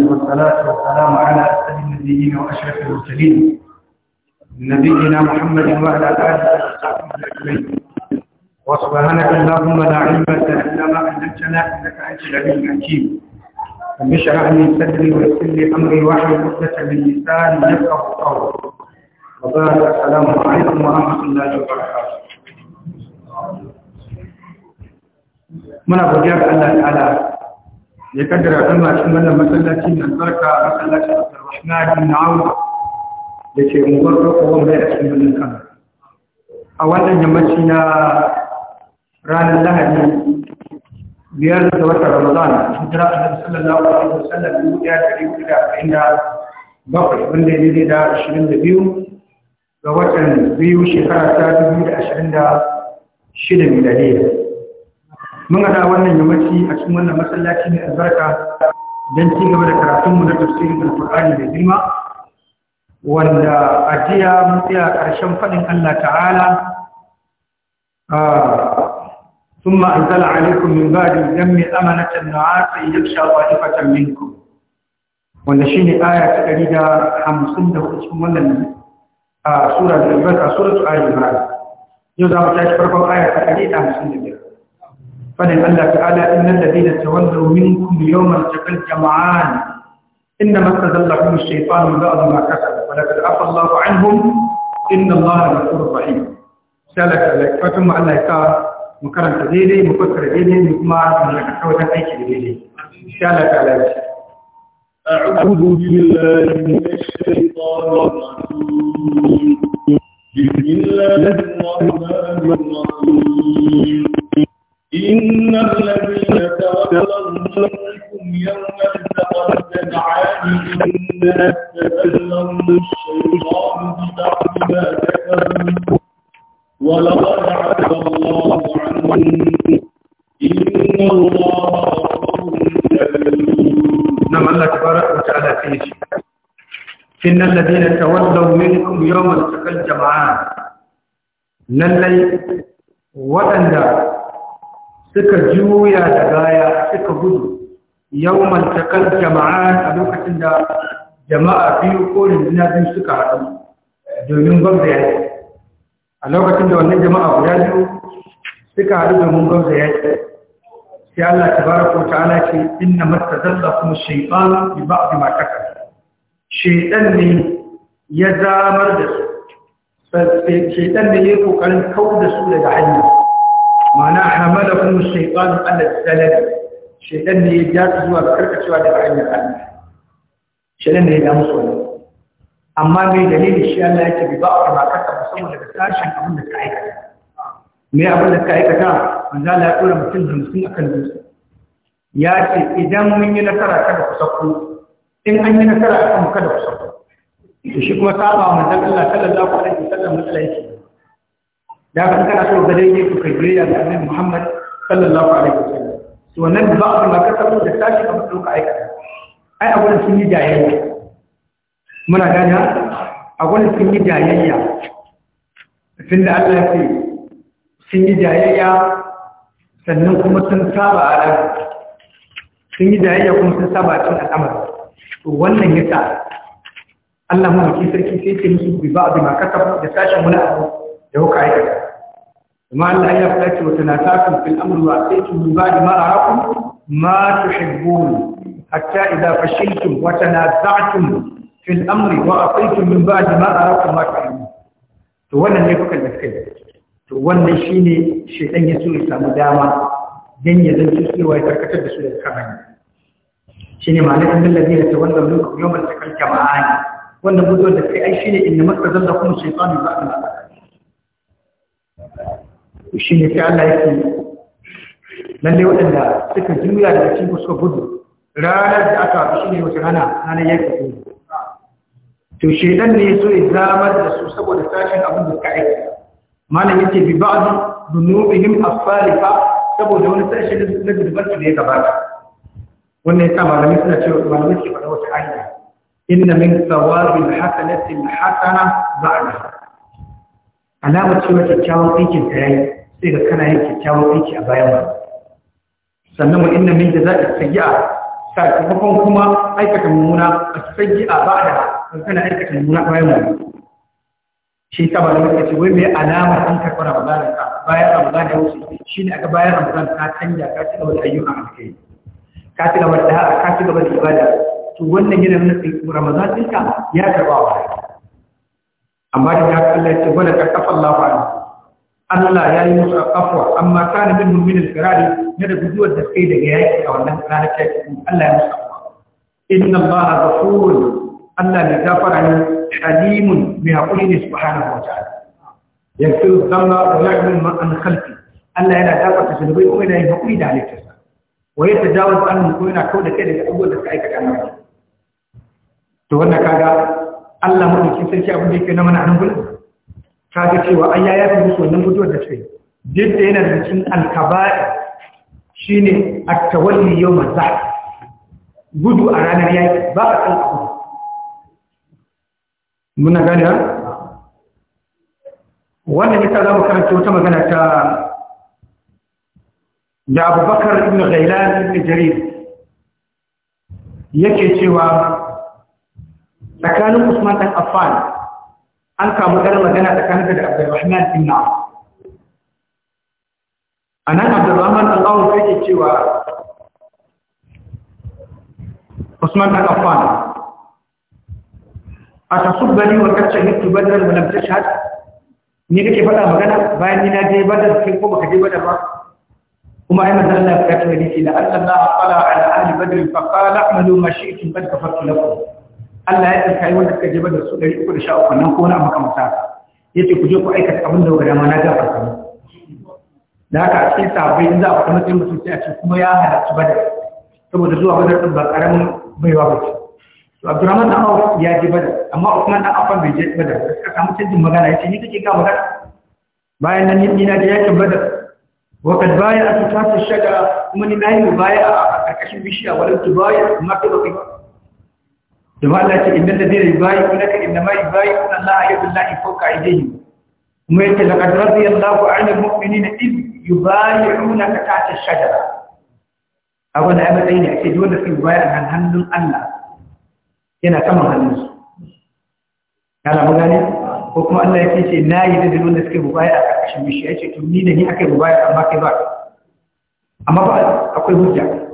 والصلاة والسلام على أسد النبيين وأشرف المرسلين نبينا محمد وعلى آله وصحبه أجمعين وسبحانك اللهم لا علم لنا إلا ما علمتنا إنك أنت العليم الحكيم رب اشرح لي صدري ويسر لي أمري واحلل عقدة من لساني يفقه قولي وبارك السلام عليكم ورحمة الله وبركاته من أبو جاب الله تعالى ya kaddara kan a cikin wannan masallaci na barka masallacin Abdulrahman bin Awf da ke unguwar Rokowa mai a cikin birnin Kano a wannan yammaci na ranar Lahadi biyar da watan Ramadan jira Annabi sallallahu alaihi wasallam dubu ɗaya da ɗari hudu da arba'in da bakwai wanda ya daidai da ashirin da biyu ga watan biyu shekara ta dubu da ashirin da shida miladiya mun da wannan yammaci a cikin wannan masallaci mai albarka don ci gaba da karatunmu na tafsirin alkur'ani mai girma wanda a jiya mun tsaya ƙarshen faɗin Allah ta'ala ثم أنزل عليكم من بعد الدم أمنة نعاسا يغشى طائفة منكم wanda shi ne aya ta ɗari da hamsin da hudu cikin wannan a ah, sura da albarka sura ta yau za mu tashi farkon aya ta ɗari da hamsin da biyar فلن الله تعالى إن الذين تولوا منكم يوم التقى الجمعان إنما استذلهم الشيطان من بعض ما كسب ولقد عفى الله عنهم إن الله غفور رحيم سألك عليك فتم على يكار مكرم تزيدي مفكر إلي مكما من لك أي شيء إلي سألك عليك. أعوذ بالله من الشيطان الرجيم إن الذين تولوا منكم يوم التقى الجمعان lallai waɗanda suka juya da baya يوم gudu yawman takal jama'an jama'a biyu ko rundunar biyu suka haɗu domin gwamza yaƙi a lokacin da wannan jama'a guda biyu suka haɗu domin gwamza yaƙi sai Allah ta bara ko ta'ala ce inna masta zalla kuma shaifan bi ba a ma kaka shaidan ne ya zamar da su shaidan ne ya yi kokarin kau da su daga hanya ma'ana hamala kuma shaifan Allah da salari shaidan ne ya ja su zuwa karkacewa daga hanyar Allah shirin ne ya musu wani amma mai dalilin shi Allah yake bi ba'ar ma kasa musamman daga sashen abin da ka aikata me abin da ka aikata manzo Allah ya tura mutum hamsin akan dutse ya ce idan mun yi nasara kada ku sauko in an yi nasara a kanmu kada ku sauko to shi kuma saba wa manzon Allah sallallahu alaihi wasallam matsala yake da kan kana so ga daidai ku kai biyayya ga Annabi Muhammad sallallahu alaihi wasallam to wannan ba'ar ma kasa da sashen abin da ka aikata ai a gwada sun yi jayayya muna gana a gwada sun yi jayayya tun da allah ya ce sun yi jayayya sannan kuma sun saba a ran sun yi jayayya kuma sun saba cin al'amari to wannan ya sa allah mawaki sarki sai ce musu bi ba a bi makasa da sashen wani abu da kuka aikata kuma allah ya fara ce wata na sa kan fil amurwa sai ki bi ba da mara hakun ma ta hatta idza fashiltum wa tanaza'tum fil amri wa ataytum min ba'di ma arakum ma ta'lamun to wannan ne kuka da kai to wannan shine shedan ya so samu dama dan ya zanci cewa ya karkatar da su daga kan hanya shine ma'anar annal ladina tawallaw minkum yawmal taqal jama'an wannan mutuwar da kai ai shine inna makazalla kuma shaytanu ba'da ma shine sai waɗanda suka juya daga cikin suka gudu ranar da aka fi shi ne wata rana ranar yanka tsoro to shaidan ne so ya zamar da su saboda sashen abin da suka aiki malam yake bi ba'd dunubihim asfalifa saboda wani sashen na zubar da ya gabata wannan yasa malamai suna cewa malamai suke faɗa wata aya inna min thawabil hasanati hasana ba'daha alamar cewa kyakkyawan aikin ka yayi sai ga kana yin kyakkyawan aiki a bayan wannan sannan wa inna min jaza'i sayyi'a sakamakon kuma aikata mummuna a sanyi a ba da kana aikata mummuna bayan mu shi ta bari ka ce wai mai alama an karɓar Ramadan ka bayan Ramadan ya wuce shi ne aka bayan Ramadan ka canja ka ci gaba da ayyukan alkhairi ka ci gaba da ka ci gaba da ibada to wannan yana nuna Ramadan ɗinka ya karɓa wa amma da ya Allah ce wala ka kafa Allah Allah ya yi musu afwa amma kana min min al-firari ne da guduwar da kai daga yaki a wannan ranar ta Allah ya musu afwa inna Allah ghafurun Allah ne gafara ne halimun mai hakuri ne subhanahu wa ta'ala yaghfiru dhanba wa ya'lamu ma an khalqi Allah yana gafarta zunubai kuma yana yin hakuri da halittarsa wa yatajawaz anhu ko yana kauda kai daga abubuwan da suka aikata na to wannan kaga Allah mu dake sarki abin da yake na mana nan kaga cewa an yaya fi musu wannan mutuwar da suke yi duk da yana da cikin alkaba'i shine at-tawalli yawm az-zahf gudu a ranar yaki ba a san abu muna gane wannan ita za mu karanta wata magana ta da Bakar ibn ghailan ibn jarir yake cewa tsakanin usman dan affan an kamu ɗan magana tsakaninka da Abdulrahman bin Na'am anan Abdulrahman ibn Auf yake cewa Usman ibn Affan a ta atasubbani wa ni shahidtu badran wa lam tashhad ni kake faɗa magana bayan ni na je badar kin ko baka je badar ba kuma ai manzo Allah ya faɗa hadisi la Allah qala ala ahli badr fa qala a'malu ma shi'tum qad kafartu lakum Allah ya tsarkai wanda suka jeba da su da uku nan ko na abu kamar sa ya ce ku je ku aikata abin da ga dama na gafarta mu da haka a cikin sabai in za a faɗi matsayin mutum sai a ce kuma ya halarci bada saboda zuwa bada ɗin ba ƙaramin baiwa ba ce to abdurrahman na hau ya je bada amma usman na afan bai je bada da suka samu canjin magana ya ce ni kake ga magana bayan nan ni na je yakin bada wakad baya a tutar shaga kuma ni na yi baya a ƙarƙashin bishiya wadda tu baya amma kai ba kai domin Allah ce inda da zai bayi kuna ka inda mai bayi kuna Allah a yadda Allah iko ka aidehi kuma yake da kadar zai yalla ku ainihin mu'mini na iz yi bayi kuna ka tace shajara a wani ayi matsayi ne ake ji wanda suke bayi a hannun Allah yana saman hannunsu ya lamu gane ko kuma Allah ya ce na yi da wanda suke bayi a ƙarƙashin bishiya ya ce to ni da ni aka yi bayi amma kai ba amma ba akwai hujja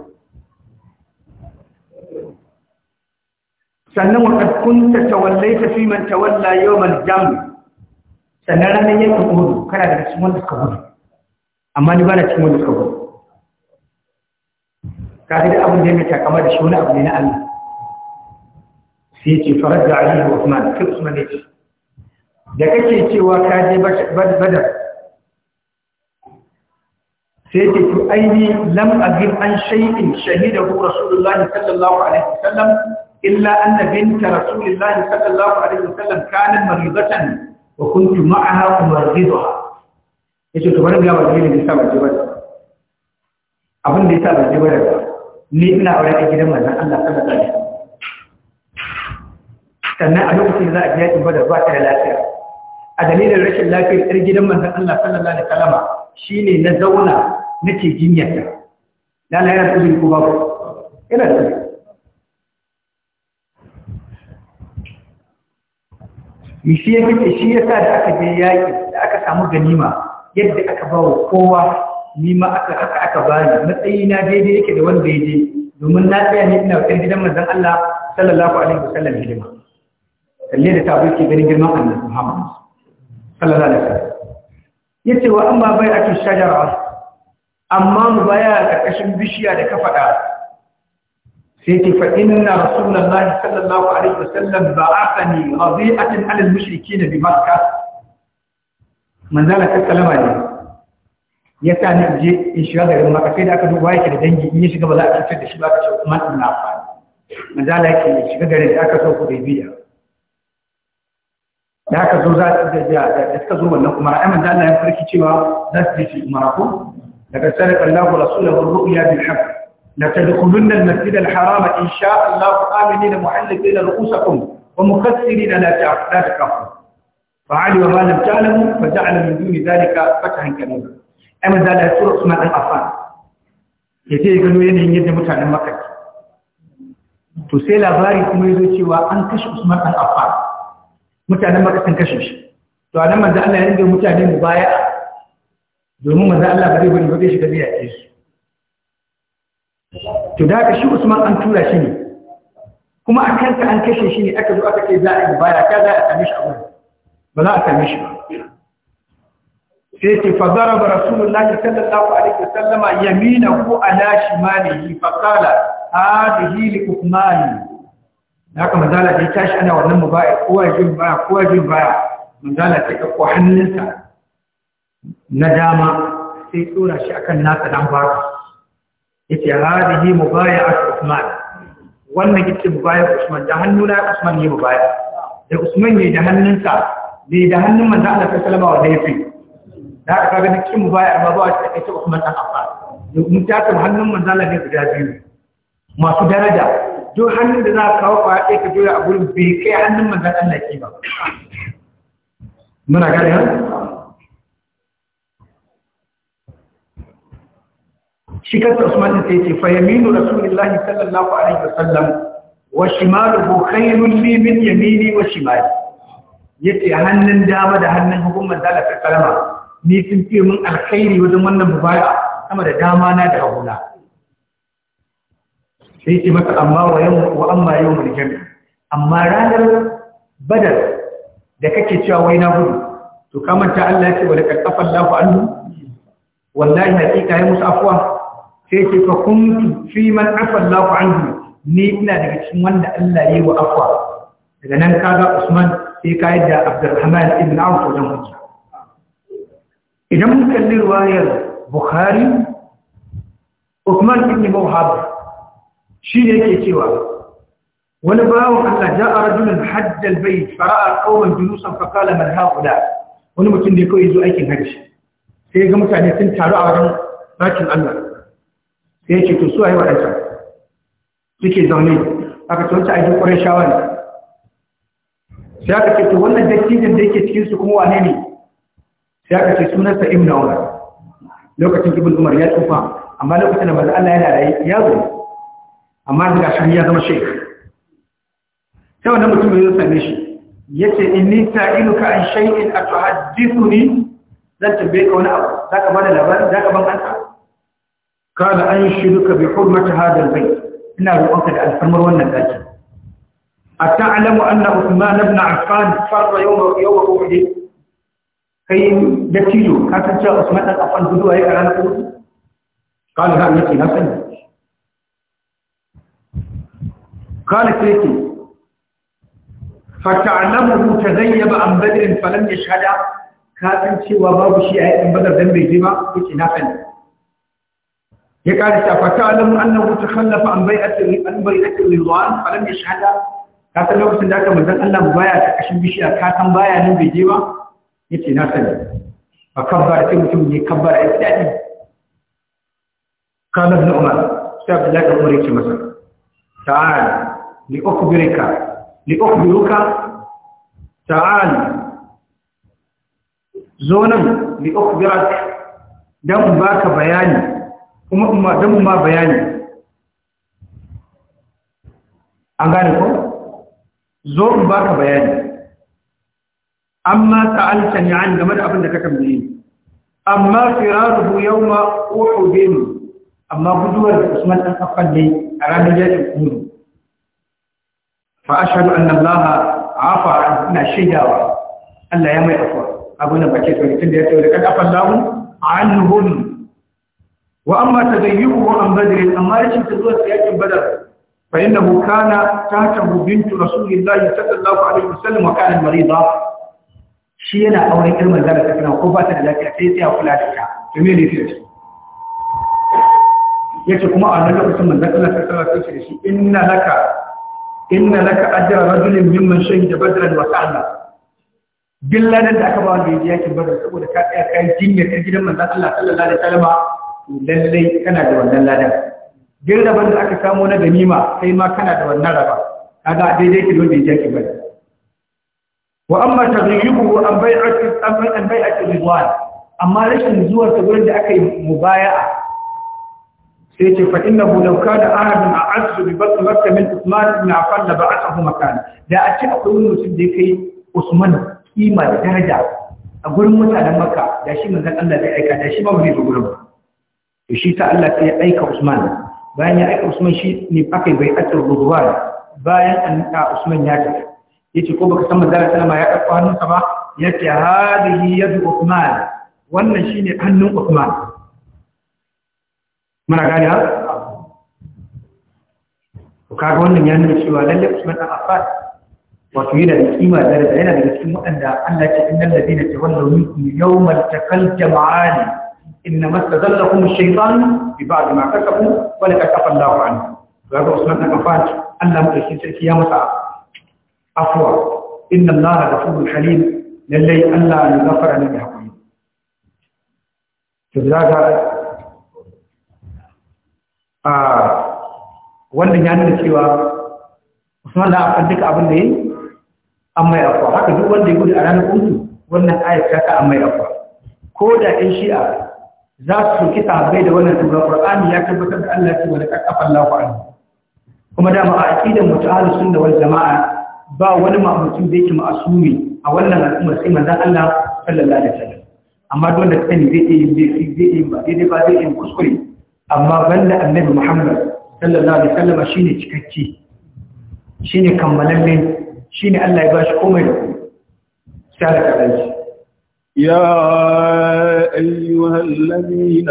sannan wa kunta tawallai ta fi man tawalla man jam sannan ranar yankin gudu kana da cikin wanda suka gudu amma ni ba na cikin wanda suka gudu ka fi da abin da ya kama da shi wani abu ne na Allah sai ce farar da alihi da Usman sai Usman ya ce da kake cewa ka je badar sai ce ku aini lam azim an shay'in shahidahu rasulullahi sallallahu alaihi wasallam illa anna bint rasulillahi sallallahu alaihi wasallam kanat maridatan wa kuntu ma'aha umarridha yace to bari ga wani ne sai ba ji ba abin da yasa ba ji ba ni ina aure a gidan manzon Allah sallallahu alaihi wasallam sannan a lokacin za a biya yakin da zuwa ta da lafiya a dalilin rashin lafiyar ɗar gidan manzon Allah sallallahu alaihi wasallam shine na zauna nake jinyarta lana yana da uzuri ko babu yana da uzuri shi ya fice shi yasa da aka je yaƙi da aka samu ganima yadda aka ba wa kowa ni ma aka aka aka bani matsayi na daidai yake da wanda ya je domin na tsaya ne ina kan gidan manzon Allah sallallahu alaihi wasallam hidima kalle da tabu ke ganin girman Annabi Muhammad sallallahu alaihi wasallam yace wa amma bai ake shajara amma mu baya a ƙarƙashin bishiya da ka faɗa سيتي فإن رسول الله صلى الله عليه وسلم بعثني رضيعة على المشركين بمكة من ذلك السلام عليكم يتعني بجيء إن شاء الله يرمى كسيد أكدو وايك لدنجي إن يشيك بلا أكتر دشبا كتو من النافان من ذلك إن شاء الله يرمى كسيد أكدو وايك لدنجي Ya ka zo za ta da da da ka zo wannan kuma ra'ayi manzo Allah ya farki cewa zasu ji umara ko daga sarar Allahu rasulahu ru'ya bil لتدخلن المسجد الحرام إن شاء الله آمنين محلقين رؤوسكم ومكسرين لا تكفوا فعلوا ما لم تعلموا فجعل من دون ذلك فتحا كبيرا أما ذلك سورة عثمان الأفان yace gano yanayin yadda mutanen Makka to sai labari kuma yazo cewa an kashe Usman al-Affan mutanen Makka sun kashe shi to anan manzo Allah ya rinda mutane mu baya domin manzo Allah ba zai zai shiga to da ka shi Usman an tura shi ne kuma a kanta an kashe shi ne aka zo aka ce za a yi baya ka za a same shi a wurin ba za a same shi ba sai ce fadara ba rasulullahi sallallahu alaihi wasallama yamina ko ala shimalihi fa qala hadhihi li uthman haka manzala da ya tashi ana wannan mubaya kowa jin baya kowa jin baya manzala ta ɗauko hannunsa na dama sai tsora shi akan nasa dan baka yace hadihi mubayat Usman wannan yace mubayat Usman da hannuna Usman ne mubayat da Usman ne da hannunsa ne da hannun manzo Allah sallallahu alaihi wasallam da aka ga duk mubayat ba ba ta kace Usman dan Affan domin ta ta hannun manzo Allah ne guda biyu masu daraja duk hannun da za ka kawo ka haɗe ka doya a gurin bai kai hannun manzo Allah ke ba muna gane ha shi kansa Usman sai ce fa yaminu Rasulullahi sallallahu alaihi wasallam wa shimaluhu khairun li min yamini wa shimali yace hannun dama da hannun hukumar da ta kalama ni sun fi mun alkhairi wajen wannan mubaya sama da dama na da hagu haguna sai ce maka amma wa yau wa amma yau mun jami amma ranar badar da kake cewa wai na gudu to ta Allah ya ce wa laqad afa Allahu anhu wallahi hakika ya musu afwa sai ce fa kuntu fi man afa Allahu anhu ni ina daga cikin wanda Allah ya yi wa afwa daga nan kaga Usman sai ka yadda Abdurrahman ibn Auf wajen hujja idan mun kalli riwayar Bukhari Usman ibn Muhab shi ne yake cewa wani bawan Allah ja'a rajulun hajjal bayt fara'a qauman junusan fa qala man haula wani mutum da ya kawai zo aikin hajji sai ga mutane sun taru a wajen bakin Allah sai ce to su a yi waɗancan suke zaune aka ce wancan aikin ƙwarar shawar sai aka ce to wannan dattijin da yake cikinsu kuma wane ne sai aka ce sunansa na umar lokacin ibn umar ya tsufa amma lokacin da ba Allah yana rayi ya zo amma daga shi ya zama sheikh sai wannan mutum ya same shi Ya yace inni ka an shay'in atuhaddithuni zan tambaye ka wani abu da labarin za ka ban ansa kada an shi duka bi hurmata hada albay ina roƙonka da alfarmar wannan daki atta alamu anna usman ibn affan farra yawma yawma uhud kai da tido ka san cewa usman ibn affan zuwa yake ran ku kana ran ne kina sani kana kike fa ta'lamu tadayyaba an badr falam yashhada ka cewa babu shi a yayin badar dan bai je ba kike na sani يقال تعلم أنه تخلف عن بيئة الرضوان فلم يشهد كاتا لو كنت ذاك مدن ألا مبايا تكشن بشيء كاتا مبايا من بجيوة يتي ناسل فكبر تمتم يكبر إبتادي قال ابن عمر سيب ذاك أمريك مثلا تعال لأخبرك لأخبرك تعال زونا لأخبرك دم باك بياني kuma umma dan ma bayani an gane ko zo in baka bayani amma ta'alta ni an game da abin da ka tambaye amma firaruhu yawma uhudin amma guduwar da Usman dan Affan ne a ranar yakin kuru fa ashhadu anna a afa ina shaidawa Allah ya mai afwa abin da bace to tun da ya tsaye da kada afallahu anhum wa amma tadayyuhu an badr amma rashin tazuwa yakin badar fa innahu kana tahtahu Bintu rasulillahi sallallahu alaihi wasallam wa kana marida shi yana aure irin manzara ta kana ko ba ta da lafiya sai tsaya kula da ta to me ne ce yace kuma a nan lokacin manzara Allah sallallahu alaihi wasallam shi inna laka inna laka ajra rajulin mimman shahida badran wa sa'ala billanin da aka ba wanda ya ji yakin badar saboda ka tsaya kayan jinya ta gidan manzan Allah sallallahu alaihi wasallam lallai kana da wannan ladan duk rabar da aka samu na ganima kai ma kana da wannan raba kaga daidai ki wanda ya ki bari wa amma taghyibuhu an bai'ati an bai'ati ridwan amma rashin zuwa ta gurin da aka yi mubaya'a sai ce fa innahu law kana ahadun a'azzu bi bakr makka min Usman ibn Affan la ba'athu makan da a ce akwai wani mutum da yake Usman kima da daraja a gurin mutanen Makka da shi manzon Allah zai aika da shi ba zai zo gurin ba shi ta Allah sai ya aika Usman bayan ya aika Usman shi ne aka yi bai'atul ruwa bayan an ta Usman ya tafi yace ko baka san manzara sallama ya karɓa hannunsa ba yace hadihi yadu Usman wannan shine hannun Usman muna gani ha kaga wannan ya nuna cewa lalle Usman da Affan wato yana da kima da daraja yana daga cikin waɗanda Allah ya ce innal ladina tawallu minkum yawmal taqal jama'ani إنما استزلهم الشيطان ببعض ما كسبوا ولقد عفى الله عنه وهذا عثمان بن عفان أن مدرسين سيتي Inna مسعى إن الله غفور حليم للي ألا يغفر لنا بحقهم تزاga a wannan ya nuna cewa Usman da akan duka abin da yi an ya afuwa haka duk wanda ya gudu a ranar kuntu wannan ayat ta ka an ko da shi'a za su soki sahabbai da wannan tura qur'ani ya tabbatar da Allah ce wani laqad afallahu anhu kuma da ma aqidan sun sunna wal jama'a ba wani ma'amucin da yake ma'asumi a wannan al'ummar sai manzon Allah sallallahu alaihi wasallam amma duk wanda kani zai iya yi zai iya ba daidai ba zai yi kuskure amma banda annabi Muhammad sallallahu alaihi wasallam shine cikakke shine kammalalle shine Allah ya bashi komai da komai sai da karanci يا أيها الذين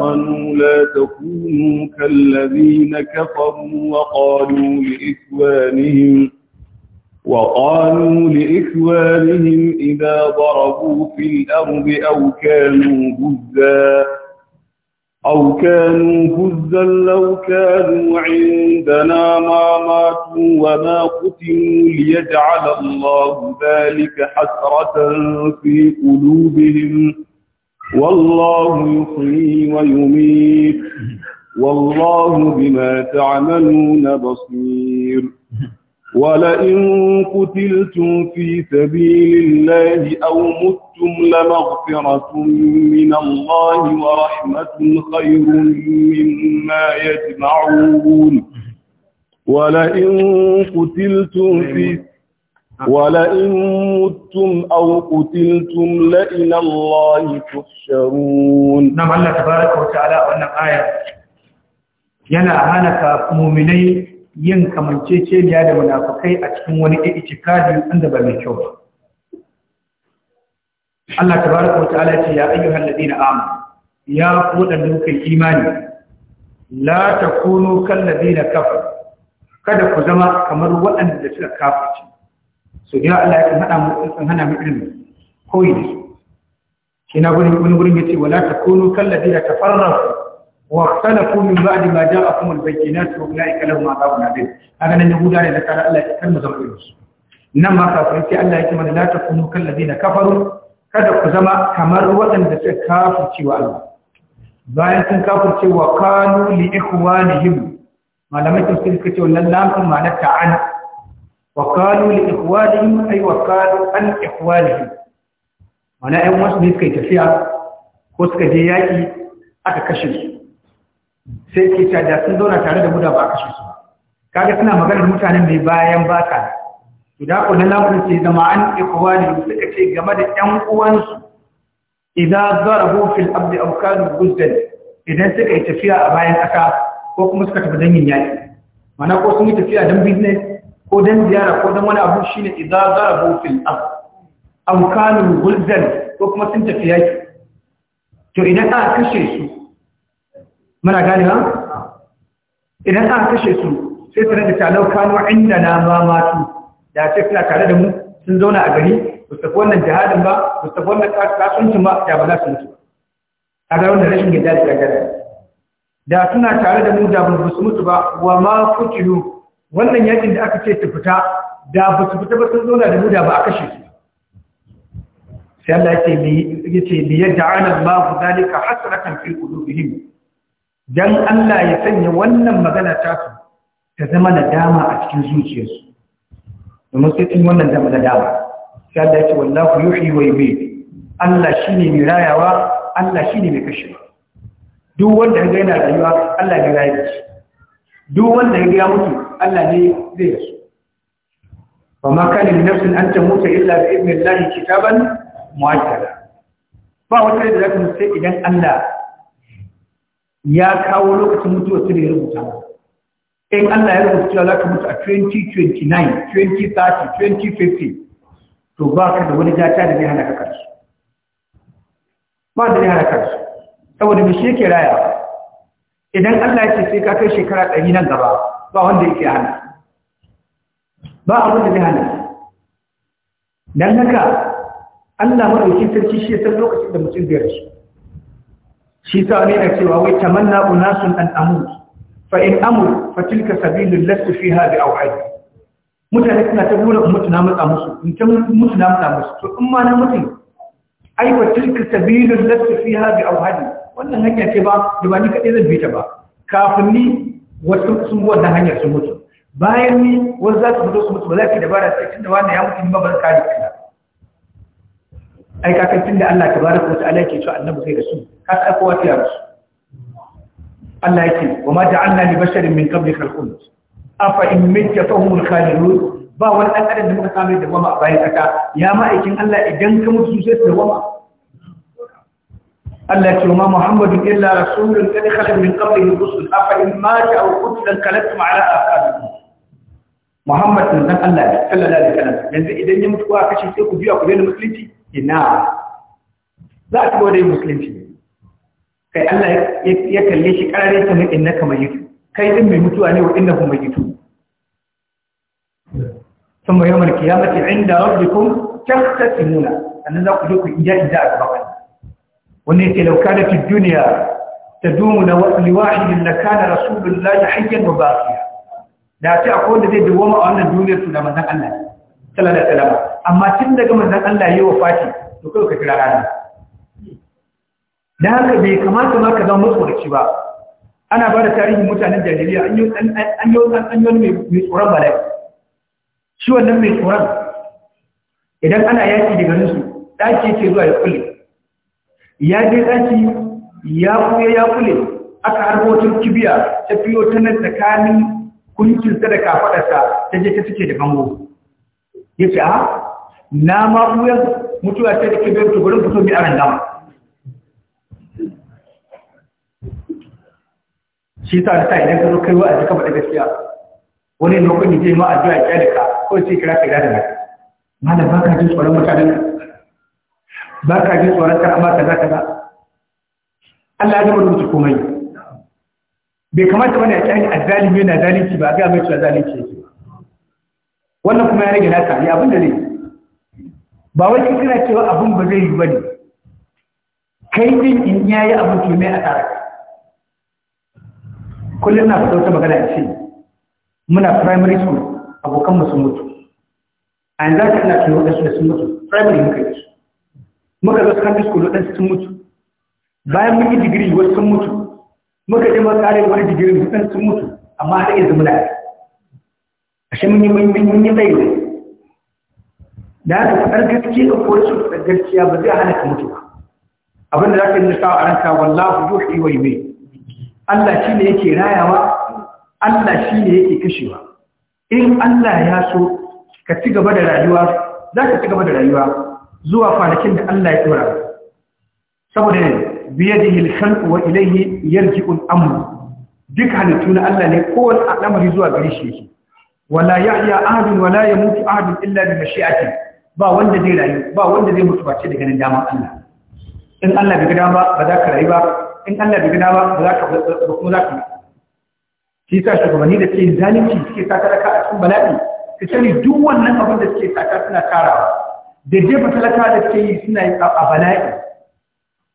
آمنوا لا تكونوا كالذين كفروا وقالوا لإخوانهم وقالوا لإخوانهم إذا ضربوا في الأرض أو كانوا هزاً أو كانوا هزا لو كانوا عندنا ما ماتوا وما قتلوا ليجعل الله ذلك حسرة في قلوبهم والله يحيي ويميت والله بما تعملون بصير ولئن قتلتم في سبيل الله أو متم لمغفرة من الله ورحمة خير مما يجمعون ولئن قتلتم في ولئن متم أو قتلتم لإلى الله تحشرون نعم الله تبارك وتعالى أن آية ينا أهانك مؤمنين yin kamanceceniya da munafukai a cikin wani itikadi inda ba mai kyau ba Allah tabaraka wa ta'ala ce ya ayyuhal ladina amanu ya kuɗa da imani la takunu kal ladina kafar kada ku zama kamar waɗanda suka kafirce so ya Allah ya hada mu sun hana mu ilimi koyi kina gurin gurin yace wala takunu kal ladina tafarraqu واختلفوا من بعد ما جاءكم البينات واولئك لهم عذاب عظيم هذا ان يهودا ne da kada Allah ya kalma zama irin su nan ma kafirai sai Allah yake mana la takunu kafaru kada ku zama kamar waɗanda suka kafirce wa Allah bayan sun kafirce wa kanu li ikhwanihim malamai tafsir suka ce wannan lamun ma na ta'an wa kanu li ikhwanihim ay wa kanu an ikhwanihim mana ai wasu ne suka tafiya ko suka je yaki aka kashe su sai ke caja sun zauna tare da mu da ba a kashe su kaga suna maganar mutanen mai bayan ba ta to da kullun lamarin sai zama an ikwani suka ce game da ƴan uwansu idan zarabu fil abd aw kanu guzdan idan suka yi tafiya a bayan ƙasa ko kuma suka tafi dangin yaki mana ko sun yi tafiya dan business ko dan ziyara ko dan wani abu shine idan zarabu fil abd aw kanu guzdan ko kuma sun tafi yaki to idan aka kashe su muna gani ba idan aka kashe su sai su rage talau kano inda na ma matu da ce suna tare da mu sun zauna a gari mustafa wannan jihadin ba ba su wannan kasuwancin ba da ba za su mutu a ga wannan rashin gida da gagara da suna tare da mu da ba su mutu ba wa ma futilu wannan yakin da aka ce ta fita da ba su fita ba sun zauna da mu da ba a kashe su sai Allah ya ce li yad'ana Allahu dhalika hasratan fi qulubihim don Allah ya sanya wannan magana ta tasu ta zama nadama a cikin zuciyarsu domin sai tun wannan zama nadama sai Allah ya ce wallahu yuhyi wa yumiit Allah shi ne mai rayawa Allah shi ne mai kashewa duk wanda ya ga rayuwa Allah ne rayuwa shi duk wanda ya gaya mutu Allah ne zai rasu fa ma kana li nafsin an tamuta illa bi idnillahi kitaban mu'ajjala ba wata da ta mutu idan Allah ya kawo lokacin mutuwa su ne ya rubuta ba in Allah ya rubuta cewa za ka mutu a 2029 2030 2050 to ba ka da wani jata da zai hana ka karshe ba da zai hana karshe saboda mai shi yake raya idan Allah ya ce sai ka kai shekara ɗari nan gaba ba wanda yake hana ba abin da zai hana Dan haka Allah maɗauki sarki shi ya san lokacin da mutum zai rasu shi sa ne da cewa wai tamanna unasun an amut fa in amut fa tilka sabilul lastu fiha bi awadi mutane suna ta gura mutu na matsa musu in ta mutu na matsa musu to in ma na mutu ai wa tilka sabilul lastu fiha bi awadi wannan hanya ce ba da ba ni kadai zan bi ta ba kafin ni wasu sun wannan hanyar sun mutu bayan ni wasu za su fito su mutu ba za su yi dabara sai tunda wannan ya mutu ni ba ban kare kai ai kakancin da Allah tabaraka wa ta'ala yake cewa annabi sai da su ka aiko wata ya rasu Allah yake wa ma ja'alna li basharin min qablikal khuld afa in mitta fahumul khalidun ba wani dan adam da muka samu da goma a bayan kaka ya ma'aikin Allah idan ka mutu sai da goma Allah ya ce wa Muhammadu illa rasulun kad khala min qablihi rusul afa in mata aw qutila kalatum ala aqabihi Muhammad dan Allah sallallahu alaihi wasallam yanzu idan ya mutu ko aka ce sai ku biya ku daina musulunci ina za a ci gaba da musulunci kai Allah ya kalle shi ƙarare ta mai innaka mayitu kai din mai mutuwa ne wa innahu mayitu thumma yawmal qiyamati 'inda rabbikum tahtasimuna annan za ku je ku inja inja a Wani wannan yake law kana fi dunya tadumu li wahidin na kana rasulullahi hayyan wa baqiya da ta akwai wanda zai dawoma a wannan duniyar su da manzon Allah sallallahu alaihi wasallam amma tun daga manzon Allah ya yi wa Fati, to kai ka kira rana da haka bai kamata ma ka zama matsoraci ba ana ba da tarihin mutanen jahiliya an yi wani mai tsoron bala'i shi wannan mai tsoron idan ana yaki da garinsu ɗaki ke zuwa ya kulle ya je ɗaki ya kuya ya kulle aka harbo wata kibiya ta fiyo ta nan tsakanin kuncinsa da kafaɗarsa ta je ta cike da bango ya ce a na ma mutuwa ta da kibiyar tuburin fito bi a randama shi sa ta idan ka zo kai aji ka faɗi gaskiya wani lokacin da zai ma addu'a ya da ka ko sai kira ka da ma malam ba ka ji tsoron mutanen ba ka ji tsoron ta amma kaza kaza Allah ya gama rubuta komai bai kamata wani a kyani zalimi yana zalunci ba a ga mai cewa zalunci yake wannan kuma ya rage na ne abin da ne ba wai kana cewa abin ba zai yi ba ne. kai din in yayi abin to mai a tsara kullum na fito ta magana ce muna primary school abokan mu sun mutu a yanzu aka ina tuno waɗansu da sun mutu primary muka yi su muka zo secondary school ɗansu sun mutu bayan mun yi digiri wasu sun mutu muka je mun ƙare wani digiri waɗansu sun mutu amma har yanzu muna yi ashe mun yi mun yi bai ne da haka faɗar gaskiya ga rashin faɗar gaskiya ba zai hana ka mutu ba abinda za ka yi nisa a ranka wallahu yuhi wa mai Allah shi ne yake rayawa Allah shi ne yake kashewa in Allah ya so ka ci gaba da rayuwa za ka ci gaba da rayuwa zuwa kwanakin da Allah ya tsora saboda ne biyadihi al-khalqu wa ilayhi yarji'u al duk halittu na Allah ne kowane al'amari zuwa gare shi yake wala yahya ahadun wala yamutu ahadun illa bi mashi'ati ba wanda zai rayu ba wanda zai mutu bace da ganin dama Allah in Allah bai ga dama ba za ka rayu ba in Allah bi gina ba ba za ka ba kuma za ka shi sa shugabanni da ke zalunci suke saka raka a cikin bala'i ka sani duk wannan abin da suke saka suna tarawa da jefa talaka da suke yi suna yi a bala'i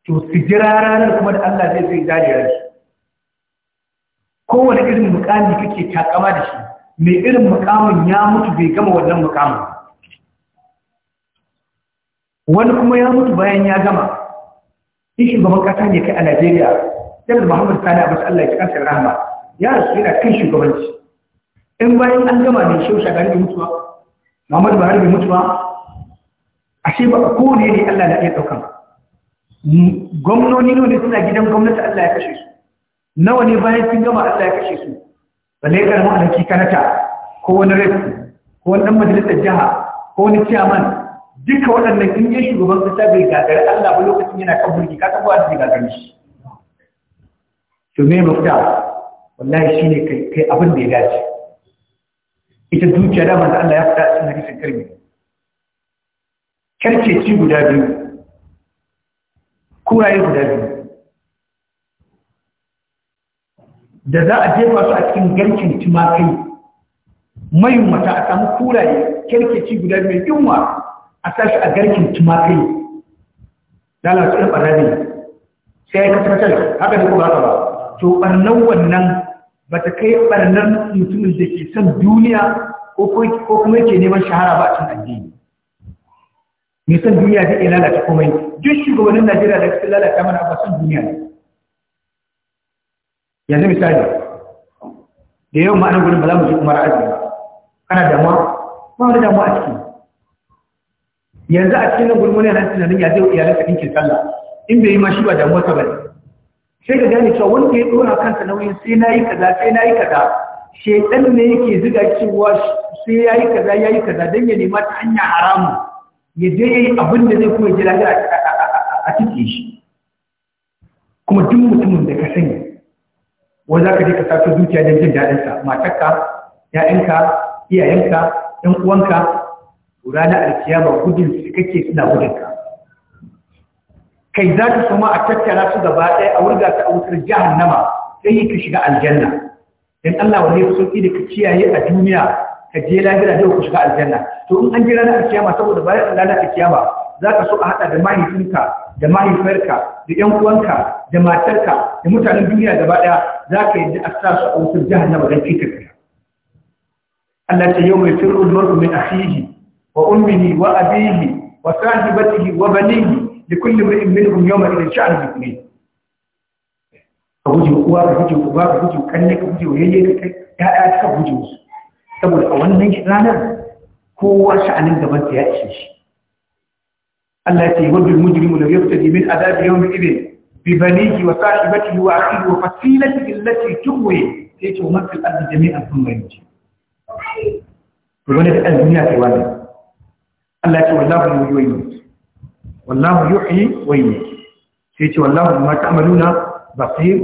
to su jira ranar kuma da Allah zai zai zai rashi kowane irin mukami kake takama da shi mai irin mukamin ya mutu bai gama wannan mukamin wani kuma ya mutu bayan ya gama in shugaban kasa ne kai a Najeriya Janar Muhammad Sani Abbas Allah ya kasar rahama ya rasu yana kan shugabanci in bayan an gama ne shi shagari da mutuwa Muhammad Buhari bai mutuwa ashe ba a ne ne Allah na iya ɗaukan gwamnoni ne suna gidan gwamnati Allah ya kashe su nawa ne bayan sun gama Allah ya kashe su balle karamin alhaki kanata ko wani rafi ko wani majalisar jiha ko wani ciyaman duka waɗannan in yi shugaban kasa bai gagari Allah ba lokacin yana kan mulki ka taba da gagari shi to me mafita wallahi shine kai kai abin da ya dace ita dukiya da manzo Allah ya fada cikin hadisin karni. karce ci guda biyu kuraye guda biyu da za a jefa su a cikin garkin tumakai mayun mata a samu kuraye kirkeci guda biyu yunwa a sashi a garkin tumakai lalata irin ɓarna ne sai ya kasance haka ne kuma haka ba to ɓarnan wannan ba ta kai ɓarnan mutumin da ke son duniya ko kuma yake neman shahara ba a cin addini mai son duniya zai iya lalata komai duk shugabannin najeriya da suka lalata mana ba son duniya ne yanzu misali da yau ma'anar gudun ba za mu ji kuma ra'azi ba kana damuwa ba wani damuwa a ciki yanzu a cikin gurgunan nan tunanin ya zai iyalan ka ɗinkin sallah in bai yi ma shi ba damuwa ta bane sai ga gane cewa wanda ya dora kansa nauyin sai na yi kaza sai na yi kaza shedan ne yake ziga cewa sai ya yi kaza ya yi kaza don ya nema ta hanya haramu ya je ya yi abin da zai kuma jira a cikin shi kuma duk mutumin da ka sani wani za ka je ka sato zuciya don jin daɗinsa matarka ‘ya'yanka iyayenka ‘yan uwanka ranar alkiyama gudun su kake suna gudun ka kai za ka suma a tattara su gaba ɗaya a wurga ta a wutar nama, sai yi ka shiga aljanna dan Allah wani ya sauki da ka kiyaye a duniya ka je lahira da ku shiga aljanna to in an je ranar alkiyama saboda bayan na alkiyama za ka so a haɗa da mahaifinka da mahaifarka da ƴan uwanka da matarka da mutanen duniya gaba ɗaya za ka yarda a sa su a wutar nama don fitar Allah ce yau mai firru mar'u akhihi وأمه وأبيه وصاحبته وبنيه لكل مرئ منهم يوم إذا شعر بكني فهجي وقوار هجي وقوار هجي وكنك هجي ويجيك يا أعتك هجي تقول أولا من شرانا هو شعن الدبان تيأشيش التي يود المجرم لو يبتدي من أذاب يوم إذن ببنيه وصاحبته وأخيه وفصيلة التي تقوي تيجي ومثل الأرض جميعا ثم يجي فلونة الدنيا في وانه Allah ce wallahu yuhyi wa yumiit wallahu yuhyi wa yumiit sai ce wallahu ta'maluna basir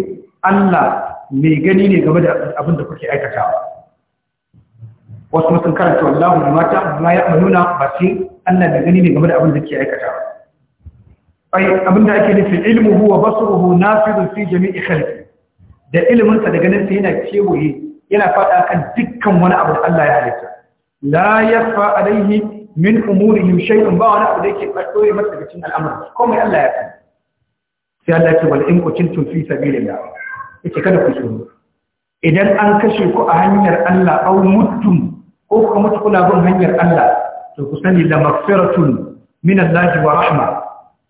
Allah gani ne game da abin da kuke aikatawa wasu sun karanta wallahu mata Allah gani ne game da abin da kuke aikata ai abin da ake nufi ilmu huwa basruhu nafidu fi jami'i khalqi da ilmin sa da ganin sa yana kewaye yana fada kan dukkan wani abu da Allah ya halitta la yafa alaihi min umurihim shay'un ba wani abu da yake ɓoye masa daga cikin al'amuran komai Allah ya sani sai Allah ya ce wal in qutiltum fi sabilillah yace kada ku tsoro idan an kashe ku a hanyar Allah aw mutum ko kuma mutu kuna bin hanyar Allah to ku sani la maghfiratun min Allah wa rahma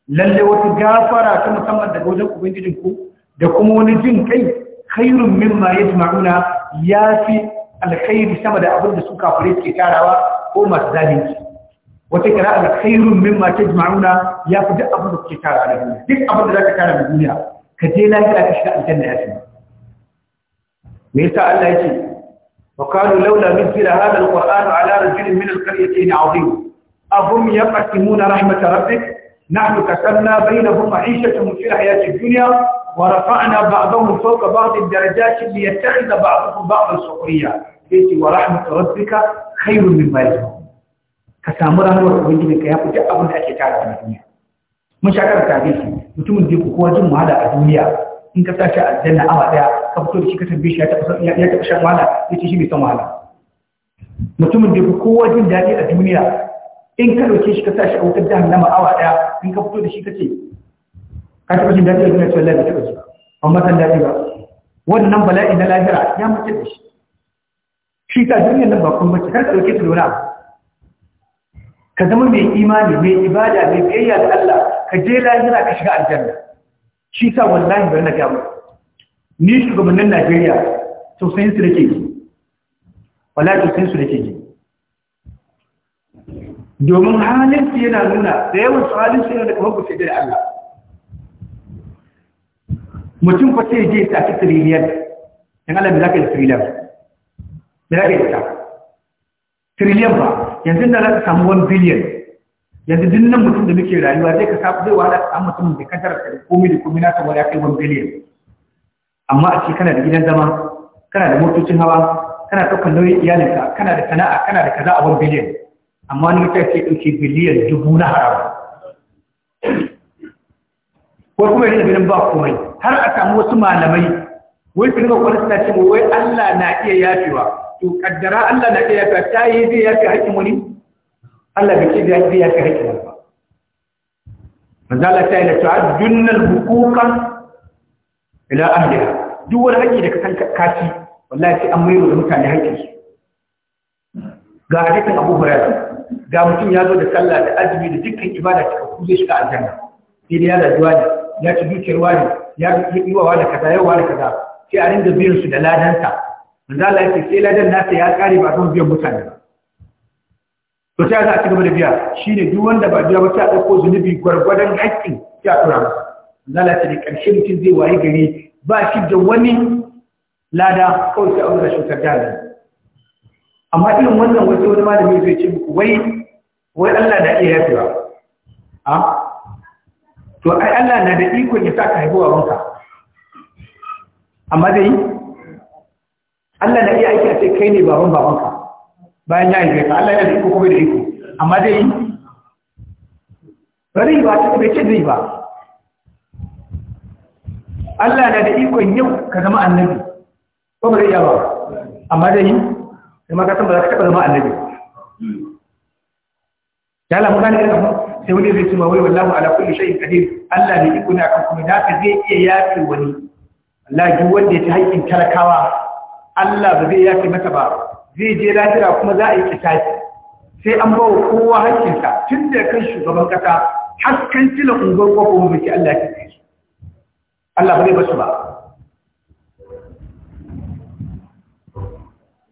lalle wata gafara ta musamman daga wajen ubangijin ku da kuma wani jin kai khairun mimma yajma'una yafi alkhairi sama da abin da suka fure suke tarawa ko masu zalunci وتكرا خير مما تجمعون يا فجاء ابو الكتاب على الدنيا ديك ابو ذاك كان من الدنيا كجينا الى كشاء الجنه يا ميسا الله يجي وقالوا لولا نزل هذا القران على رجل من القريتين عظيم اهم يقسمون رحمه ربك نحن كسبنا بينهم معيشتهم في الحياة الدنيا ورفعنا بعضهم فوق بعض الدرجات ليتخذ بعضهم بعض السخرية ورحمة ربك خير مما يزعمون ka samu rahamar ubangiji ka ya fi duk abin da ake tara a duniya mun sha kar tarihi mutumin da ku kowa jin wahala a duniya in ka a aljanna awa daya ka fito da shi ka tambaye shi ya taɓa ya shan wahala ya ce shi bai san wahala mutumin da ku kowa jin daɗi a duniya in ka ɗauke shi ka shi a wutar jahannama awa daya in ka fito da shi ka ce ka taɓa jin daɗi a duniya to Allah bai taɓa ji ba amma san daɗi ba wannan bala'i na lahira ya mace da shi shi ta duniyar nan ba kun bace kar ka ɗauke ta da wani abu ka zama mai imani mai ibada mai biyayya da Allah ka je lahira ka shiga aljanna shi sa wallahi bari na ga mu ni shugabannin Najeriya to sai su rike ki wallahi sai su rike ki domin halin su yana nuna da yawan su halin su yana da kamar ba da Allah mutum ko sai je ta tsiriliyar dan Allah me zaka yi trillion zaka ta ba yanzu da za ka samu 1 billion yanzu duk nan mutum da muke rayuwa zai ka samu zai wahala ka samu mutum da kadar da komai da komai na ta ya kai 1 billion amma a ce kana da gidan zama kana da motocin hawa kana ɗaukar nauyin iyalinka kana da sana'a kana da kaza a 1 billion amma wani mutum sai ɗauke biliyan dubu na harawa ko kuma yana ganin ba komai har a samu wasu malamai wai su riga kwanar na cewa wai Allah na iya yafewa to kaddara Allah na iya ka ta yi zai ya ka haƙƙin wani Allah bai ce zai ya ka haƙƙin wani ba manzala ta yi da ta'addunnal hukuka ila ahliha duk wani haƙƙi da ka san kaci wallahi sai an mayar da mutane haƙƙin su ga hadisin Abu Hurairah ga mutum ya zo da sallah da azumi da dukkan ibada ta ku zai shiga aljanna sai dai ya rajuwa ne ya ci dukiyar wani ya yi wa wani kaza yawa wani kaza sai a rinda biyan su da ladanta manzo Allah yake sai ladan nasa ya kare ba don biyan mutane ba to sai za a ci gaba da biya shine duk wanda ba biya ba sai a dauko zunubi gwargwadon haƙƙi sai a tura masa manzo Allah yake karshe mutum zai waye gari ba shi da wani lada kawai sai a wuce shutar da amma irin wannan wasu wani malami zai ce muku wai wai Allah na iya yafewa a to ai Allah na da ikon ya saka haihuwa wanka amma dai Allah na iya aiki a ce kai ne baban babanka bayan ya haife ka Allah yana da kuma da iko amma dai bari ba ta kuma ce zai ba Allah na da ikon yau ka zama annabi ko ba zai iya ba amma dai kuma ka san ba za ka taba zama annabi ya lamu gani da kuma sai wani zai ci ma wai wallahu ala kulli shay'in qadir Allah ne iko na akan kuma da ka zai iya yafe wani Allah duk wanda ya ci haƙƙin talakawa Allah ba zai yafi mata ba zai je lafiya kuma za a yi kitabi sai an bawa kowa hankinsa tun da kan shugaban kasa haskan tila unguwar gwagwa mu biki Allah ya kai Allah ba zai basu ba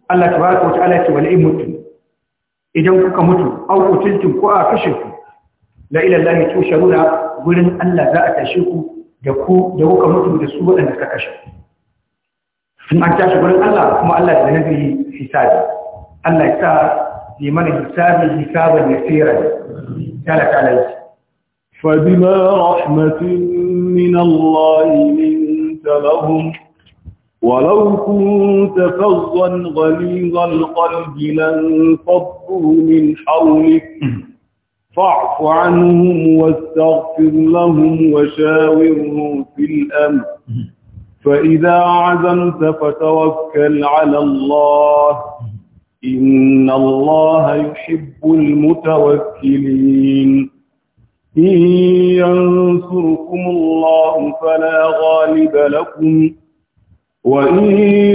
Allah tabaraka wa ta'ala ce wal mutu, idan kuka mutu aw kutiltum ko a kashe ku la ila Allah tusharuna gurin Allah za a tashe ku da ku da kuka mutu da su waɗanda ka kashe ku in an tashi gurin Allah kuma Allah ya nabi hisabi Allah ya sa yi mana hisabi hisaban yasira ya la kala yi fa bima rahmatin min Allah linta lahum ولو كنت فظا غليظ القلب لانفضوا من حولك فاعف عنهم واستغفر لهم وشاورهم في الأمر فإذا عزمت فتوكل على الله إن الله يحب المتوكلين إن ينصركم الله فلا غالب لكم وإن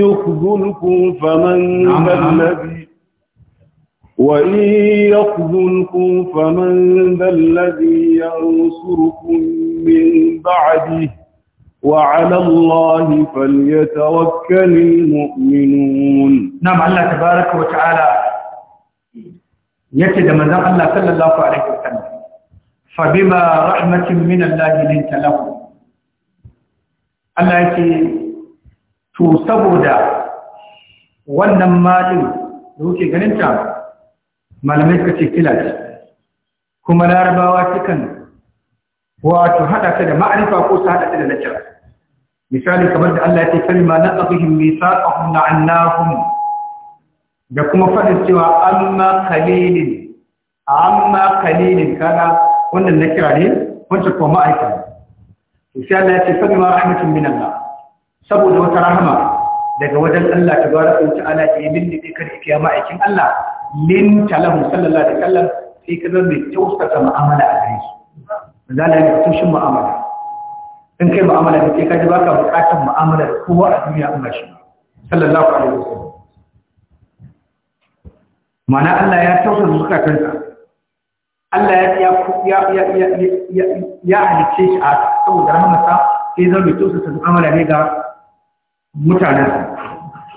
يخذلكم فمن نعم، نعم. ذا الذي وإن يخذلكم فمن ذا الذي ينصركم من بعده وعلى الله فليتوكل المؤمنون نعم الله تبارك وتعالى yake da manzon Allah sallallahu alaihi wasallam fa rahmatin min Allah linta Allah yake to saboda wannan malin da kuke ganin ta malamai suka ce kilaci kuma larabawa sukan wato hada da ma'arifa ko hada da lacira misali kamar da Allah ya ce kalma na tsafihim misaqahum la'annahum da kuma faɗin cewa amma kalilin amma kalilin kana wannan na kira ne wancan kuma ma'aikata to ya ce kalma rahmatun min Allah saboda wata rahama daga wajen Allah tabaraka wa ta'ala da ya bindige kar ikiya ma'aikin Allah lin talahu sallallahu alaihi wasallam sai ka zama mai tausasa mu'amala a gare shi zalaya ne tushen mu'amala in kai mu'amala da ke kaji ba ka buƙatar mu'amala da kowa a duniya in ba shi sallallahu alaihi wasallam ma'ana Allah ya tausasa zukatanka Allah ya ya ya ya ya halice shi a saboda rahmarsa sai zan mai ta mu'amala ne ga mutanen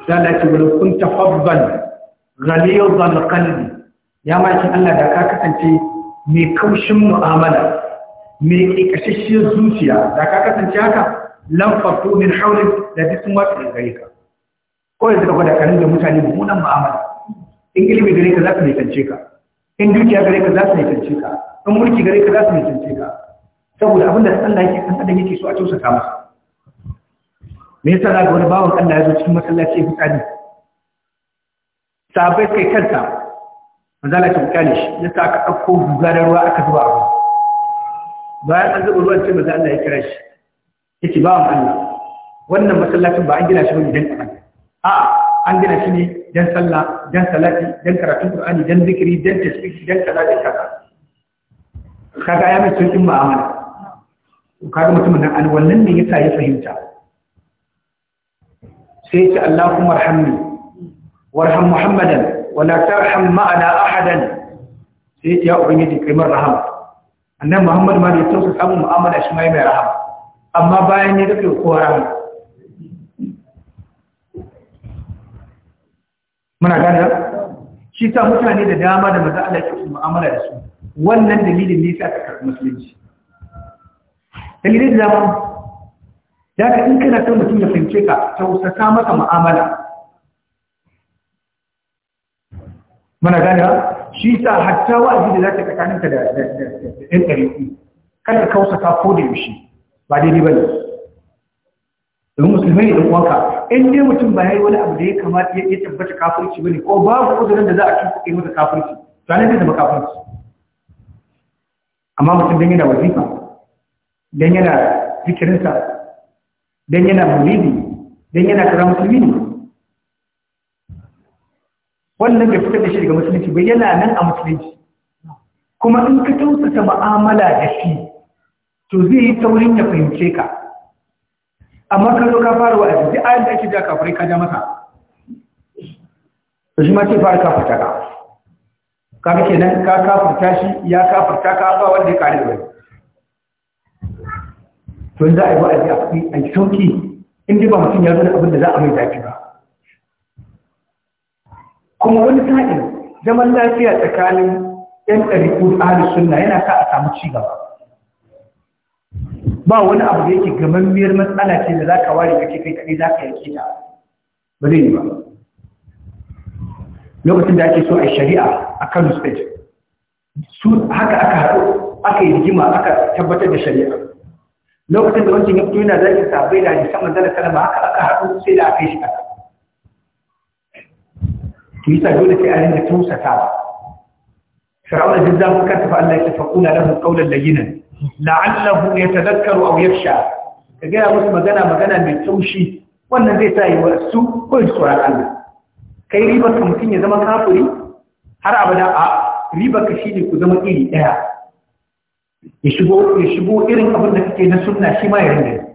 da Allah ce wani kun tafabban ghaliyar qalbi ya ma'aikin Allah da ka kasance mai kaushin mu'amala mai ƙasasshiyar zuciya da ka kasance haka lamfarto min haulin da duk sun watsa gare ka ko yanzu ka gwada kanin da mutane mummunan ma'amala. in ilimin gare ka za su nitance ka in dukiya gare ka za su nitance ka in mulki gare ka za su nitance ka saboda abin da Allah yake san adam yake so a tausasa masa me yasa za ga wani bawon Allah ya zo cikin masallaci ya fitani sabai kai kanta manzala ta bukale shi yasa aka ɗauko guga da ruwa aka zuba abu bayan an zuba ruwan sai manzo Allah ya kira shi yace ba mu Allah wannan masallacin ba an gina shi bane dan kaman a'a an gina shi ne dan sallah dan salati dan karatun Qur'ani dan zikiri dan tasbih dan kaza da kaza kaga ya mai sauƙin mu'amala kaga mutumin nan an wannan ne yasa ya fahimta sai ce Allahumma arhamni warham Muhammadan wala tarham ma'ana ahadan sai ya ubangiji kai mar rahama Annan Muhammad ma da ya tausa samun mu'amala shi ma mai rahama amma bayan ne kake kowa rahama muna gane shi ta mutane da dama da maza Allah ke mu'amala da su wannan dalilin ne sa ka karɓi musulunci dalilin da dama da ka in kana son mutum ya fahimce ka tausasa masa mu'amala muna gane shi sa hatta wa'azi da ta tsakaninka da ɗan kan kada kausa ka ko da yaushe ba daidai ne don musulmai ne ɗan uwanka in dai mutum ba yi wani abu da ya kamata ya tabbata kafirci ne, ko babu uzurin da za a tuka kai masa kafirci to ne zai zama kafirci amma mutum don yana wazifa don yana zikirinsa don yana mulibi don yana kira musulmi ne wannan bai fitar da shi daga musulunci bai yana nan a musulunci kuma in ka tausata mu'amala da shi to zai yi taurin ya fahimce ka amma ka zo ka fara wa ajiye a da ake jaka kafirai ka ja masa to shi ma ce fara kafirta ka kaga kenan ka kafirta shi ya kafirta ka ba wanda ya kare da to in za a yi wa'azi a cikin sauki in dai ba mutum ya zo da abin da za a mai zafi ba kuma wani sa'in zaman lafiya tsakanin yan a ahalus suna yana sa a samu ci gaba ba wani abu da yake miyar matsala ce da za ka ware kake kai kaɗai za ka yanke da ba zai yi ba lokacin da ake so a shari'a a kano state su haka aka haɗu aka yi rigima aka tabbatar da shari'a lokacin da wancan yankin fito yana zagin sabai da sama manzana salama haka aka haɗu sai da aka yi shi ƙasa to yasa dole sai a rinka tausatawa fir'auna duk za ku kasa fa Allah ya faƙula da qawlan layyinan la'allahu yatadhakkaru aw yakhsha ka ga musu magana magana mai taushi wannan zai sa yi wa su ko tsoron Allah kai ribar ka mutum ya zama kafiri har abada a ribar ka shine ku zama iri daya ya shigo ya shigo irin abin da kake na sunna shi ma ya rinka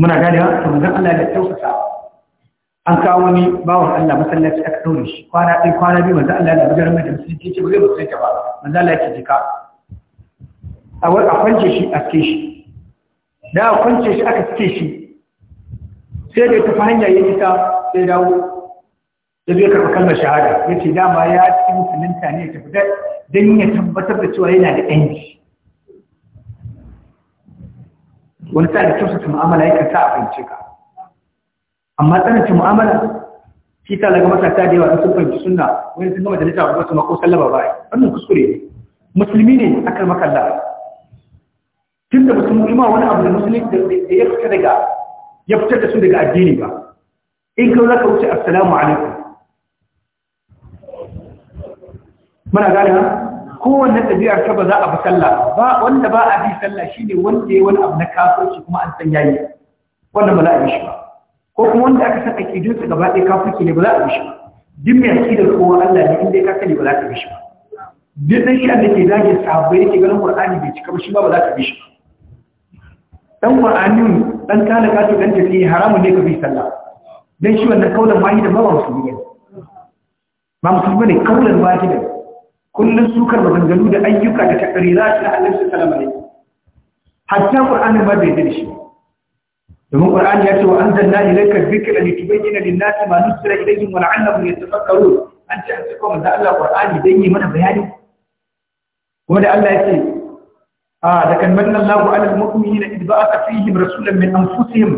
muna gane wa to manzon Allah ya tausasa an kawo wani bawan Allah masallaci aka daure shi kwana ɗin kwana biyu manzo Allah ya bugar mai da musulunci ce bai zai musulunci ba manzo Allah yake jika a wani a kwance shi a cikin shi da a kwance shi aka cike shi sai da ya tafi hanya ya nisa sai dawo da bai karɓa kalmar shahada yace ce dama ya ci musulunta ne ya tafi da don ya tabbatar da cewa yana da yanci wani sa'a da kyautata mu'amala yakan sa a fahimce ka amma tsananci mu'amala shi ta daga matasa da yawa sun fahimci sunna wani sun gama da littafi wasu mako sallaba ba wannan kuskure ne musulmi ne a kan makalla tun da musulmi ma wani abu da musulmi da ya fita daga ya fitar da su daga addini ba in ka za ka wuce assalamu alaikum muna gane kowanne ɗabi'ar ka ba za a bi sallah ba wanda ba a bi sallah shine wanda ya wani abu na kafirci kuma an san yayi wannan ba za a yi shi ba ko kuma wanda aka san aƙidunsa gaba ɗaya kafirci ne ba za a bishi ba duk mai aƙidar kowa Allah ne inda ya ne ba za ka bishi ba duk ɗan shi'an da ke zagin sahabbai yake ganin Qur'ani bai cika ba shi ba ba za ka bishi ba dan Qur'ani dan kana ka to dan tafi haramun ne ka bi sallah dan shi wannan kaulan wahida ba musulmi ne ba musulmi ne kaulan wahida kullun sukar maganganu da ayyuka da takarira shi na Allah sallallahu alaihi wasallam hatta Qur'ani ba bai da shi domin Qur'ani ya ce wa an zanna ne anzalna ilayka dhikra litubayyana lin-nasi ma nusila ilayhim wa la'allahum yatafakkarun an ce an saka manzo Allah Qur'ani dan yi mana bayani kuma da Allah ya ce a ah, da kan manna Allahu 'ala al-mu'minina idh ba'atha fihim rasulan min anfusihim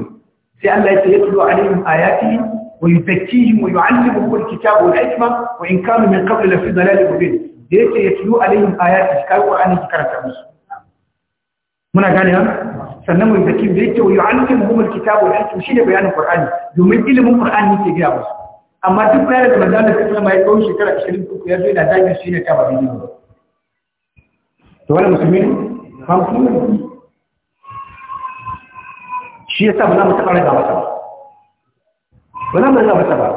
sai Allah ya ce ya yatlu ya ayatihi wa yuzakkihim wa yi yu'allimuhum al-kitaba wal hikma wa in kanu min qablu lafi dhalalin mubin da yake yatlu 'alayhim ayatihi kai Qur'ani ki karanta musu muna gane ha sannan mai zaki da yake wa yu'allimuhum da wal hikma shine bayanin qur'ani domin ilimin qur'ani yake gaya musu amma duk bayanin da manzo Allah sallallahu alaihi wasallam ya shekara 23 ya zo da shi ne ta ba dinin to wannan musulmi ba musulmi shi yasa ba za mu taɓa raga masa ba ba za mu raga masa ba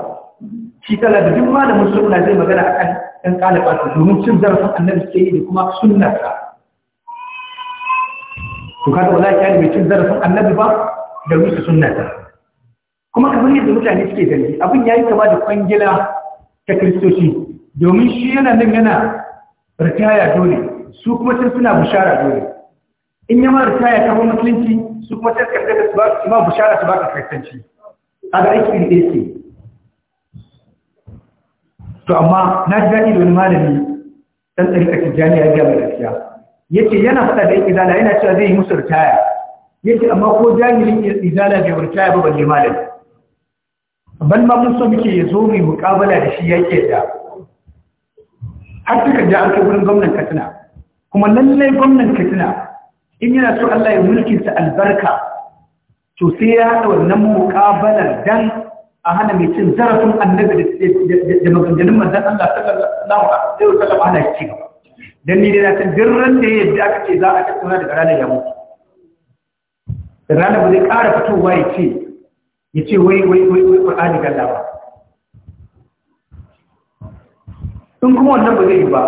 shi tala da duk malamin sunna zai magana akan ɗan ƙalafa domin cin zarafin annabi ke yi da kuma sunnarsa to kada ba ya ka yi mai cin zarafin annabi ba da rusa sunnata kuma kamar yadda mutane suke gani abin yayi kama da kwangila ta kristoci domin shi yana nan yana ritaya dole su kuma sun suna bishara dole in yama ritaya kama musulunci su kuma sun karɓe da su ba su ma bishara su ba ka kristanci kaga aiki da ɗaya ce to amma na ji daɗi da wani malami ɗan tsarkar tijjani ya gaba gaskiya yake yana faɗa da izala yana cewa zai yi musu ritaya yake amma ko jahilin izala bai ritaya ba balle malami ban ma mun so muke ya zo mu muƙabala da shi yake da har duka an kai wurin gwamnan Katsina kuma lallai gwamnan Katsina in yana so Allah ya mulki sa albarka to sai ya hada wannan muƙabalar dan a hana mai cin zarafin annabi da maganganun manzon Allah sallallahu alaihi wasallam ana dan ni dai na san dirran da yadda aka ce za a tattauna daga ranar ya mutu ranar ba zai ƙara fitowa ya ce ya ce wai wai wai wai ƙur'ani galla ba kuma wannan ba zai yi ba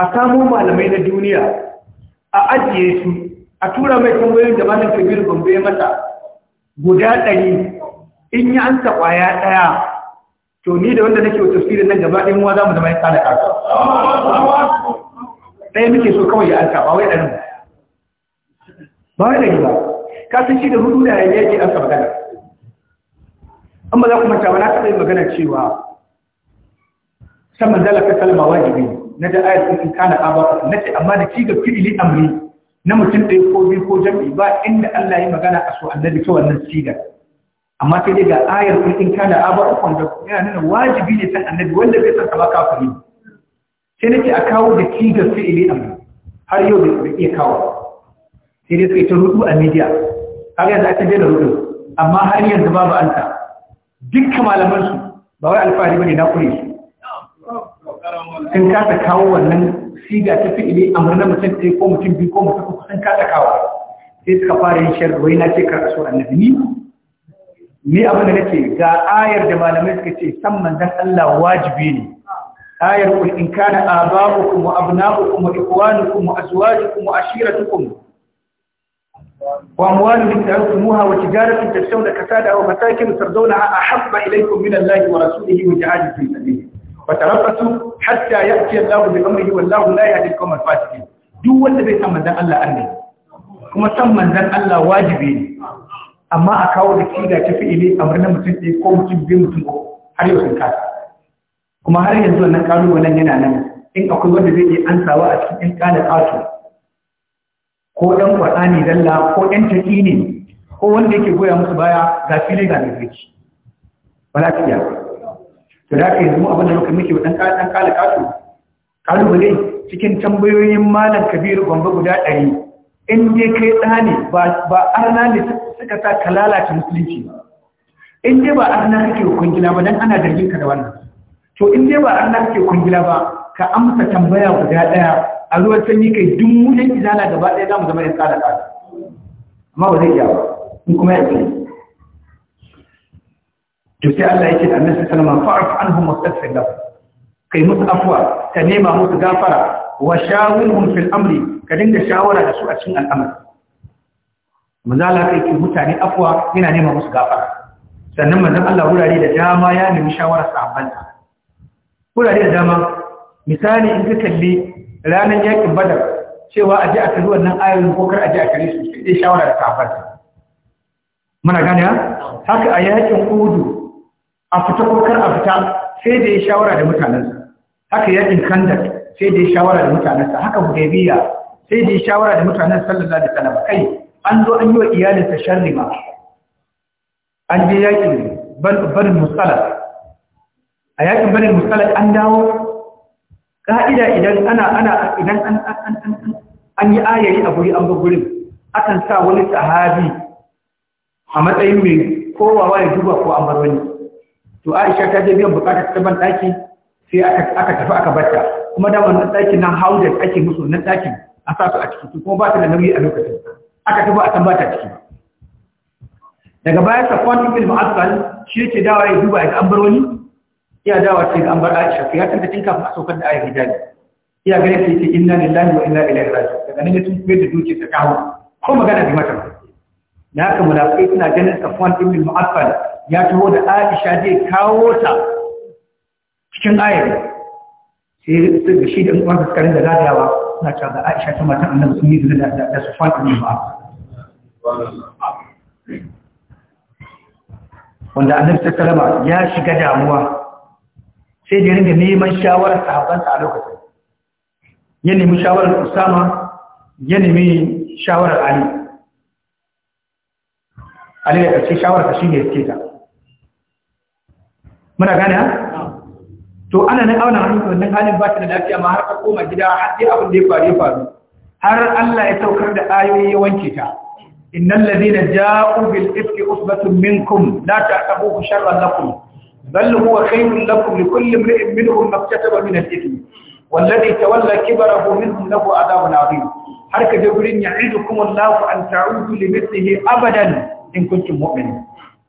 a samo malamai na duniya a ajiye su a tura mai tambayoyin da malam kabir gombe ya masa guda ɗari in yi ansa kwaya ɗaya to ni da wanda nake wa tafsirin nan gaba ɗin muwa za mu zama ya ƙara ƙasa ɗaya muke so kawai ya alka ba wai ɗarin ba wai ɗari ba ka san shi da hudu da ya yake alka magana an ba za ku manta ba na taɓa yin magana cewa saman manzala ka kalma wajibi na da ayat sun kana aba na ce amma da ci ga fi'ili amri na mutum ɗaya ko biyu ko jam'i ba inda Allah ya magana a so annabi ta wannan siga. amma sai dai ga ayar kun kana aba wanda yana nuna wajibi ne san annabi wanda bai san sa ba kafiri sai nake a kawo da cigar fi'ili amma har yau da iya kawo sai dai suka yi ta rudu a media har yanzu aka daina rudu amma har yanzu babu alta dukkan malaman su ba wai alfahari bane na kure su sun kasa kawo wannan siga ta fi'ili a murna mutum ɗaya ko mutum biyu ko mutum uku sun kasa kawo sai suka fara yin sharri wai na ce kar so annabi ni ni abin da nake ga ayar da malamai suka ce san manzon Allah wajibi ne ayar kul in kana aba'ukum wa abna'ukum wa ikwanukum wa azwajukum wa ashiratukum وأموال ادعوتموها وتجارة تخشون كسادها ومساكن ترضونها أحب إليكم من الله ورسوله وجهاد في سبيله فتربصوا حتى يأتي الله بأمره والله لا يهدي القوم الفاسقين duk wanda bai san manzon Allah annabi kuma san manzon Allah wajibi ne amma a kawo da kida ta fi'ili amrna mutum ɗaya ko mutum biyu mutum ko har yau sun kasa kuma har yanzu wannan kalubalen yana nan in akwai wanda zai iya ansawa a cikin ɗan ƙalar ko ɗan ne dalla ko ɗan tafi ne ko wanda yake goya musu baya ga fili ga mai zaki ba za ta iya to da ka yanzu abin da muka muke wa ɗan ƙalar asu ƙalubale cikin tambayoyin malam kabiru gombe guda ɗari in dai kai ɗa ne ba arna ne suka sa ka lalata musulunci ba in dai ba arna kake hukun gina ba don ana zargin ka da wannan to in dai ba Allah ke kungila ba ka amsa tambaya guda daya a ruwan sanyi kai duk mu yan izala gaba daya zamu zama yan tsada tsada amma ba zai iya ba in kuma ya ce to sai Allah yake da Annabi sallallahu alaihi wasallam fa'af anhum wastaghfir lahum kai musu afwa ka nema musu gafara wa shawirhum fil amri ka dinga shawara da su a cikin al'amari manzala kai ke mutane afwa yana nema musu gafara sannan manzon Allah wurare da dama ya nemi shawara sahabbansa kurare da dama misali in ka kalli ranar yakin badar cewa a ji a kalli wannan ayoyin ko kar a ji a kalli su sai dai shawara da kafar muna gane haka a yakin kudu a fita ko kar a fita sai da ya shawara da mutanen sa haka yakin kandak sai da ya shawara da mutanen sa haka hudaybiya sai da ya shawara da mutanen sallallahu alaihi wasallam kai an zo an yi wa iyalinsa sharri ma an je yakin ban ban musalla a yakin bane musalar an dawo ka'ida idan ana ana idan an an an an yi ayayi a guri an ba gurin akan sa wani sahabi a matsayin mai kowawa ya duba ko an bar wani to Aisha ta je biyan bukatar ta ban daki sai aka aka tafi aka barta kuma da wannan daki nan haudar ake musu nan daki a sa su a ciki kuma ba ta da nauyi a lokacin aka tafi a tambata ciki daga baya Safwan ibn Asal shi yake dawa ya duba ya an bar wani iya dawa ce an bar Aisha ya kanta tun kafin a saukar da ayar hijabi iya gare ta yake inna lillahi wa inna ilaihi raji'un daga nan ya tun kuma da duke ta kawo ko magana bi mata da haka munafikai suna ganin Safwan ibn Mu'affal ya taho da Aisha zai kawo ta cikin ayar sai su da shi da ɗan fuskarin da zagayawa suna cewa da Aisha ta matan annabi sun yi da da Safwan ibn Mu'affal wanda annabi ta kalama ya shiga damuwa sai da ringa neman shawarar sahabbansa a lokacin ya nemi shawarar usama ya nemi shawarar ali ali da ƙarshe shawarar ka shi ne ya ta muna gane ha to ana nan auna hannun wannan halin ba ta da lafiya ma har ka koma gida har sai abin da ya faru ya faru har Allah ya saukar da ayoyi ya wanke ta innal ladina ja'u bil ifki usbatun minkum la ta'tabuhu sharran lakum بل هو خير لكم لكل امرئ منهم ما اكتسب من الاثم والذي تولى كبره منهم له عذاب عظيم حركه جبرين يعيدكم الله ان تعودوا لمثله ابدا ان كنتم مؤمنين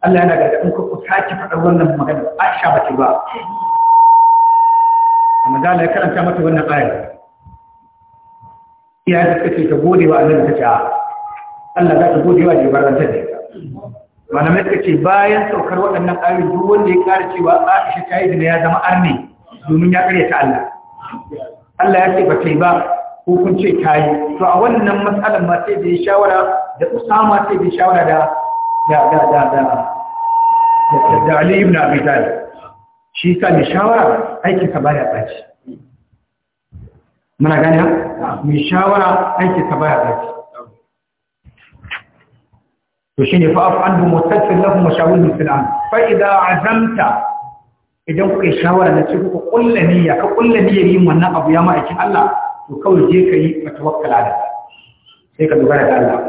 الله انا قاعد انكم كتاكي فدان wannan magana aisha bace ba magana ya karanta mata wannan aya ya take take gode wa Allah ta ta Allah ta gode wa malamai suka ce bayan saukar waɗannan ayoyi duk wanda ya ƙara cewa Aisha ta yi zina ya zama arni domin ya ta Allah Allah ya ce ba ta yi ba ko kun ce ta yi to a wannan matsalar ma sai da ya shawara da Usama sai da ya shawara da da da da da da Ali ibn Abi Talib shi ka mai shawara aikin ka baya tsaci muna gani ha mai shawara aikin ka baya tsaci to shine fa afu anhum wastaghfir lahum wa shawirhum fil amr fa idza azamta idan kuka yi shawara na cikin ku kulla niyya ka kulla niyyar yin wannan abu ya ma'aikin Allah to kawai je ka yi ka tawakkala da sai ka dogara da Allah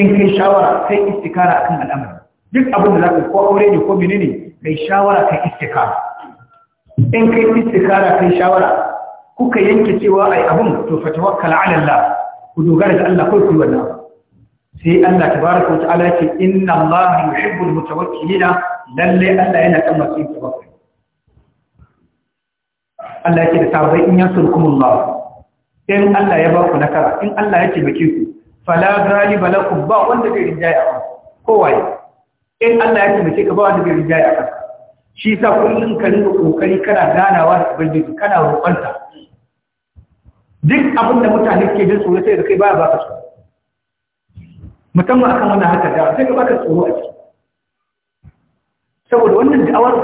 in kai shawara kai istikara akan al'amari duk abin da zaka ko aure ne ko menene kai shawara kai istikara in kai istikara kai shawara kuka yanke cewa ai abun to fa tawakkala ala Allah ku dogara da Allah kai ku wannan sai Allah tabaraka wata'ala ce inna Allah yuhibbul mutawakkilina lalle Allah yana kan masu tawakkali Allah yake da sabai in yansurkumullah in Allah ya ba ku nakara in Allah ya taimake ku fala ghaliba lakum ba wanda zai rinjaya ba waye? in Allah ya taimake ka ba wanda zai rinjaya ba shi sa kullun ka rinka kokari kana ganawa da ubangiji kana roƙonta duk abin da mutane ke jin tsoro sai da kai baya ba ka tsoro musamman akan wannan haka da sai ka baka tsoro a ciki saboda wannan da'awar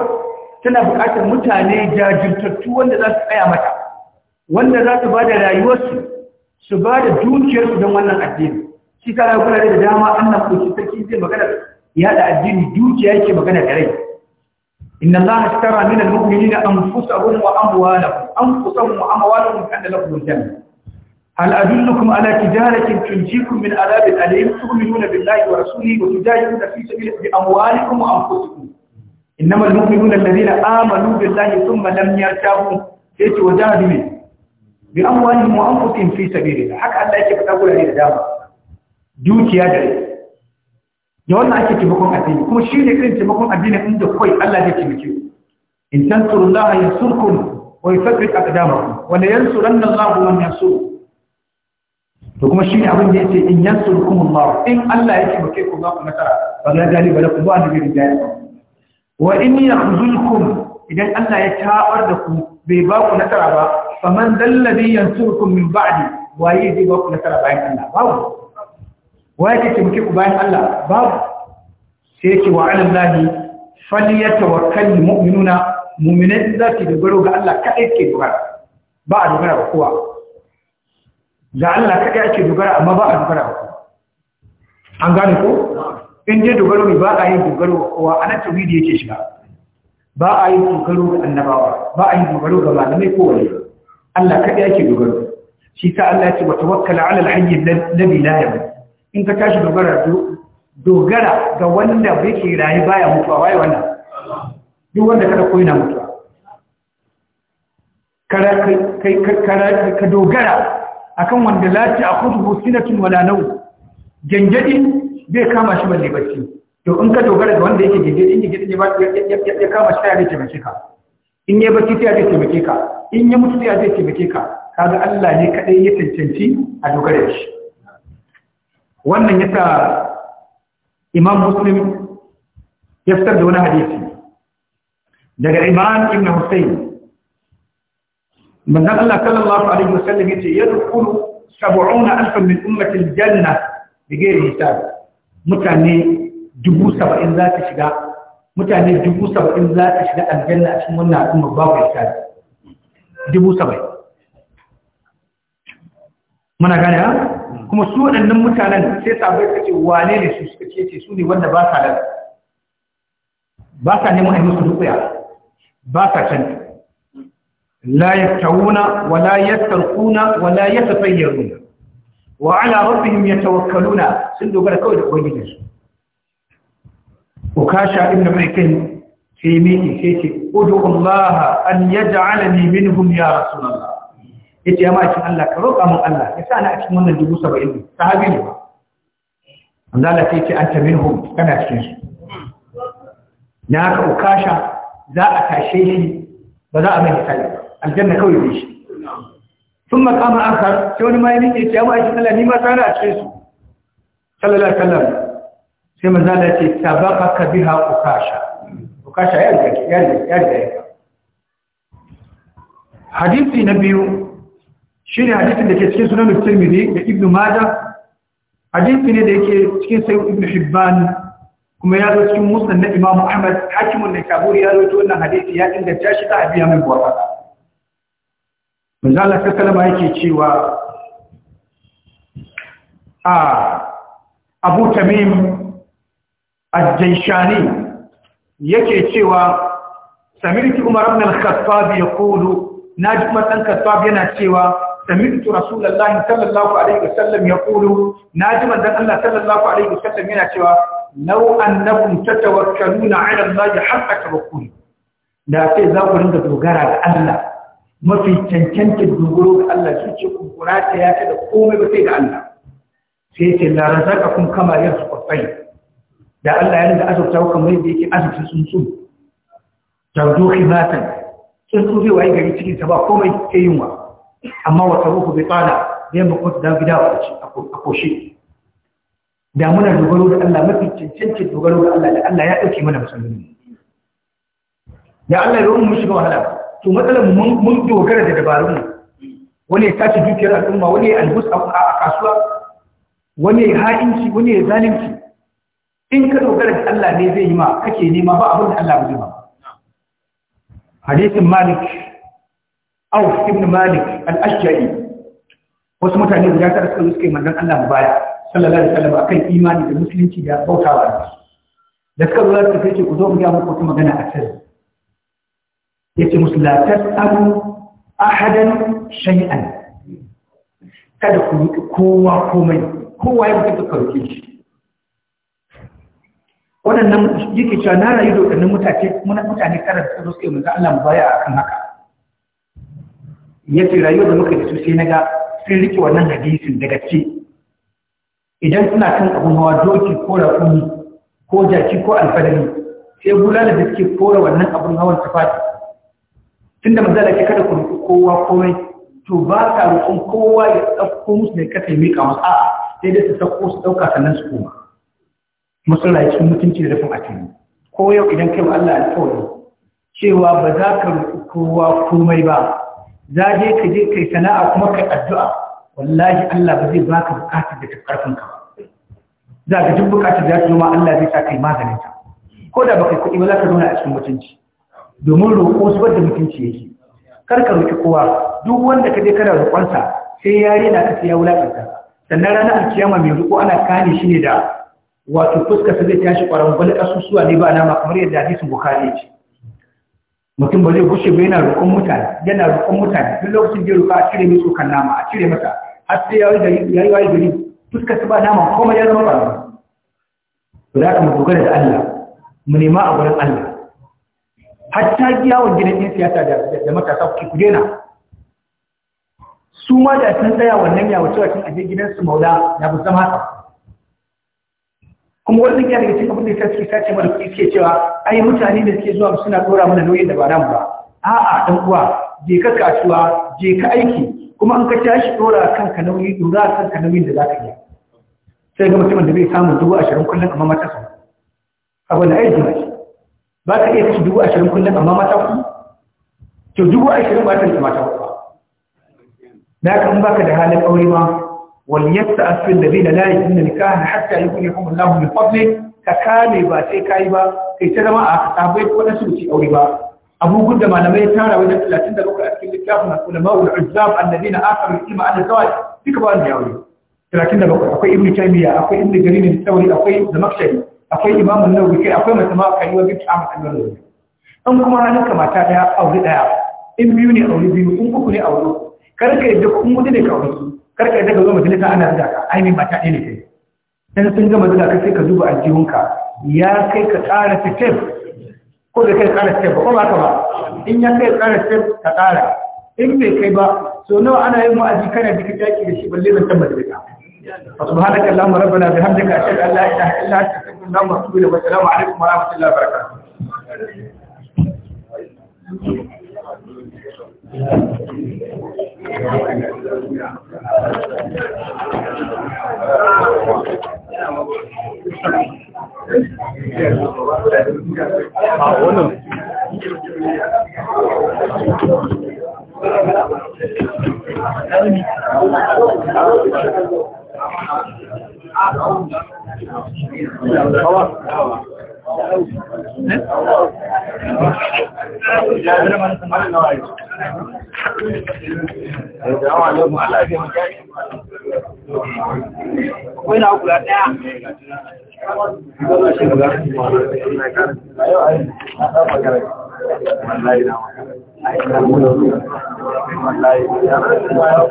tana buƙatar mutane jajirtattu wanda za su tsaya mata wanda za su ba da rayuwarsu su ba da dukiyarsu don wannan addini shi rayu kuna da dama annan kuci sarki zai magana ya da addini dukiya yake magana da rai inna allaha tara min al-mu'minina anfusahum wa amwalahum anfusahum wa amwalahum kana lahum jannah هل أدلكم على تجارة تنجيكم من عذاب أليم تؤمنون بالله ورسوله وتجاهدون في سبيله بأموالكم وأنفسكم إنما المؤمنون الذين آمنوا بالله ثم لم يرتابوا سيت وجاهدوا بأموالهم وأنفسهم في سبيل الله حق الله يكفي تقول عليه دابا دوكي أدري da wannan ake taimakon addini kuma shi ne irin taimakon addini inda kawai Allah zai taimake ku in tansurullaha yansurkum wa yuthabbit aqdamakum wa la yansuranna Allahu man yansuru to kuma shi ne abin da yace in yansurkum Allah in Allah yake muke ku za ku nasara ba za gali ba ku ba da gari da yawa wa in yakhzulkum idan Allah ya tabar da ku bai ba ku nasara ba faman dalladhi yansurkum min ba'di waye zai ba ku nasara bayan Allah babu waye yake muke ku bayan Allah babu sai yake wa ala Allah falyatawakkalul mu'minuna mu'minai zaki dogaro ga Allah kadai ke dogara ba a dogara ba kowa da Allah kada ake dogara amma ba a dogara ba an gane ko in dai dogaro ne ba a yi dogaro wa kowa anan tauhidi yake shiga ba a yi dogaro ga annabawa ba a yi dogaro ga malamai ko wani Allah kada yake dogaro shi ta Allah ce wa tawakkala ala al-hayy alladhi la yamut in ka tashi dogara dogara ga wanda yake rayi baya mutuwa waye wannan duk wanda kada koyi na mutuwa kara kai ka dogara akan wanda lati a kudu sinatun wala nau gengedi bai kama shi balle bacci to in ka dogara ga wanda yake gengedi in gangadi ya kama shi ya ce mace ka in ya bacci ya ce mace ka in ya mutu ya ce mace ka kaga Allah ne kadai ya cancanci a dogara shi wannan yasa imam muslim ya fitar da wani hadisi daga imam ibn husayn manzon Allah sallallahu alaihi wasallam yace yadkhulu 70000 min ummati aljanna bighairi hisab mutane 70000 za ta shiga mutane 70000 za ta shiga aljanna a cikin wannan al'umma babu hisabi 70000 muna gane kuma su waɗannan mutanen sai sabai kace wane ne su suka ce ce su ba sa da ba sa neman a yi musu rukuya ba sa canta لا يستوون ولا يسترقون ولا يتطيرون وعلى ربهم يتوكلون سندو قال كوي وجدش وكاشا ابن ميكين في ميكي سيتي ادعو الله أن يجعلني منهم يا رسول الله yace ya ma'aikin Allah ka roƙa mun Allah ya sa ni a cikin wannan dubu saba'in sahabi ne ba Allah ce an ta minhum kana na ukasha za a tashe shi ba za a ba aljanna kawai ne shi sun makama akar sai wani ma ya nike ce amma aikin Allah ni ma tsara a cikin su sallallahu alaihi wasallam sai manzo Allah ce sabaka ka biha ukasha ukasha ya riga ya riga ya riga hadisi na biyu shine hadisin da ke cikin sunan Tirmidhi da Ibn Majah hadisi ne da yake cikin sayyid Ibn Hibban kuma ya zo cikin musnad na Imam Ahmad hakimun da kaburi ya zo wannan hadisi ya inganta shi ta abiya mai buwafaka Wanda Allah kakalama yake cewa a Abu Tamim al-Jaishani yake cewa Samiritu Umar ibn al-Khattab yaqulu najma tan Khattab yana cewa Samiritu Rasulullah sallallahu alaihi wasallam yaqulu najma dan Allah sallallahu alaihi wasallam yana cewa law annakum tatawakkaluna ala Allah haqqa tawakkul da sai za ku dinga dogara da Allah mafi cancantar dogaro ga Allah su ce ku ta ya ta da komai ba sai ga Allah sai ce la razaka kun kama ya su kwafai da Allah ya rinda azurta ku kamar yadda yake azurta tsuntsu tardo khimatan tsuntsu zai waye gari cikin ta ba komai sai yunwa amma wa taruku bi tsala zai mu kwata da gida a koshi. da muna dogaro da Allah mafi cancantar dogaro ga Allah da Allah ya ɗauke mana musulmi da Allah ya yi mu shiga wahala to matsalar mun dogara da dabarun wani ya tashi dukiyar al'umma wani ya albus a kasuwa wani ya ha'inci wani ya zalunci in ka dogara da Allah ne zai yi ma kake nema ba abin da Allah bai ba hadisin malik aw ibn malik al-ashja'i wasu mutane guda tara suka suke yi manzon Allah mu baya sallallahu alaihi wasallam akan imani da musulunci da bautawa da suka zo da su ku zo mu ga muku magana a cikin yake musu la tasalu ahadan shay'an kada ku yi kowa komai kowa ya buƙata karke shi waɗannan yake cewa na rayu da waɗannan mutane mutane karar da suka yi Allah mu baya akan haka yace rayu da muka da su sai naga sun rike wannan hadisin daga ce idan suna kan abun hawa doki ko rakumi ko jaki ko alfadari sai bulala da suke kora wannan abun hawan tafati tunda manzala ke kada ku roƙi kowa komai to ba ka roƙon kowa ya ɗauko musu ne ka taimaka masu a'a sai dai su sauko su ɗauka sannan su koma musu rayu cikin mutunci da rufin asiri ko yau idan kai wa Allah alƙawari cewa ba za ka roƙi kowa komai ba za je ka je kai sana'a kuma kai addu'a wallahi Allah ba zai baka bukatar da ta karfin ka ba za ka duk bukatar da ya zo ma Allah zai sa kai maganin ta ko da baka kuɗi ba za ka zauna a cikin mutunci domin roƙo su da mutunci yake kar ka roƙi kowa duk wanda ka je kana roƙonsa sai yare na ka ya wulaƙanta sannan ranar alkiyama mai roƙo ana kane shi ne da wato fuska sa zai tashi ƙwaron gwal ƙasusuwa ne ba nama kamar yadda hadisi bukari ya ce mutum ba zai gushe ba yana roƙon mutane yana roƙon mutane duk lokacin da ya roƙa a cire mai tsokan nama a cire masa har sai ya yi wayi gari fuska su ba nama komai ya zama ƙwaron to da aka mu dogara da Allah mu nema a gurin Allah hatta giyawan gidan yin siyasa da matasa ke ku dena su ma da sun tsaya wannan ya wuce cin aje gidansu maula ya bu zama haka kuma wannan ya daga cikin abin da ya suke sace mana kuɗi suke cewa ai mutane da suke zuwa suna ɗora mana nauyin da ba mu ba a'a dan uwa je ka kasuwa je ka aiki kuma an ka tashi ɗora kanka nauyi ɗora kanka nauyin da za ka iya sai ga mutumin da bai samu dubu ashirin kullum amma matasa abin da aiki ba ba ka iya su dubu ashirin kullum amma mata ku to dubu ashirin ba ta mata ku ba da haka in baka da halin aure ma waliyasta asfin da zai da layi inda nikaha hatta yi kuɗi kuma lahu min fadli ka kame ba sai ka yi ba kai ta zama a sabai waɗansu da ci aure ba abubuwan da malamai ya tara wajen talatin da bakwai a cikin littafin a kula ma'ul uzzab annabi na mai ilma an zawaj duka ba wanda ya aure talatin da bakwai akwai ibnu taymiya akwai ibnu jarir al-thawri akwai zamakhshari akwai imamun nawawi kai akwai mace ma yi wa bi ta amma nawawi an kuma ranar ka mata daya aure daya in biyu ne aure biyu in uku ne aure kar ka yadda kun mutu ne ka aure kar ka yadda ka zo majalisa ana zuga ka ai mai mata ɗaya ne kai sun gama zuga ka sai ka duba aljihunka ya kai ka ƙara fitin ko da kai ƙara step ko ba ka ba in ya kai ƙara step ka ƙara in bai kai ba so nawa ana yin wa'azi kana jikin yaki da shi balle zan tabbata da ka فسبحانك اللهم ربنا بحمدك أشهد أن لا إله إلا أنت أستغفرك اللهم وأتوب إليك والسلام عليكم ورحمة الله وبركاته Thank you. Wannan ya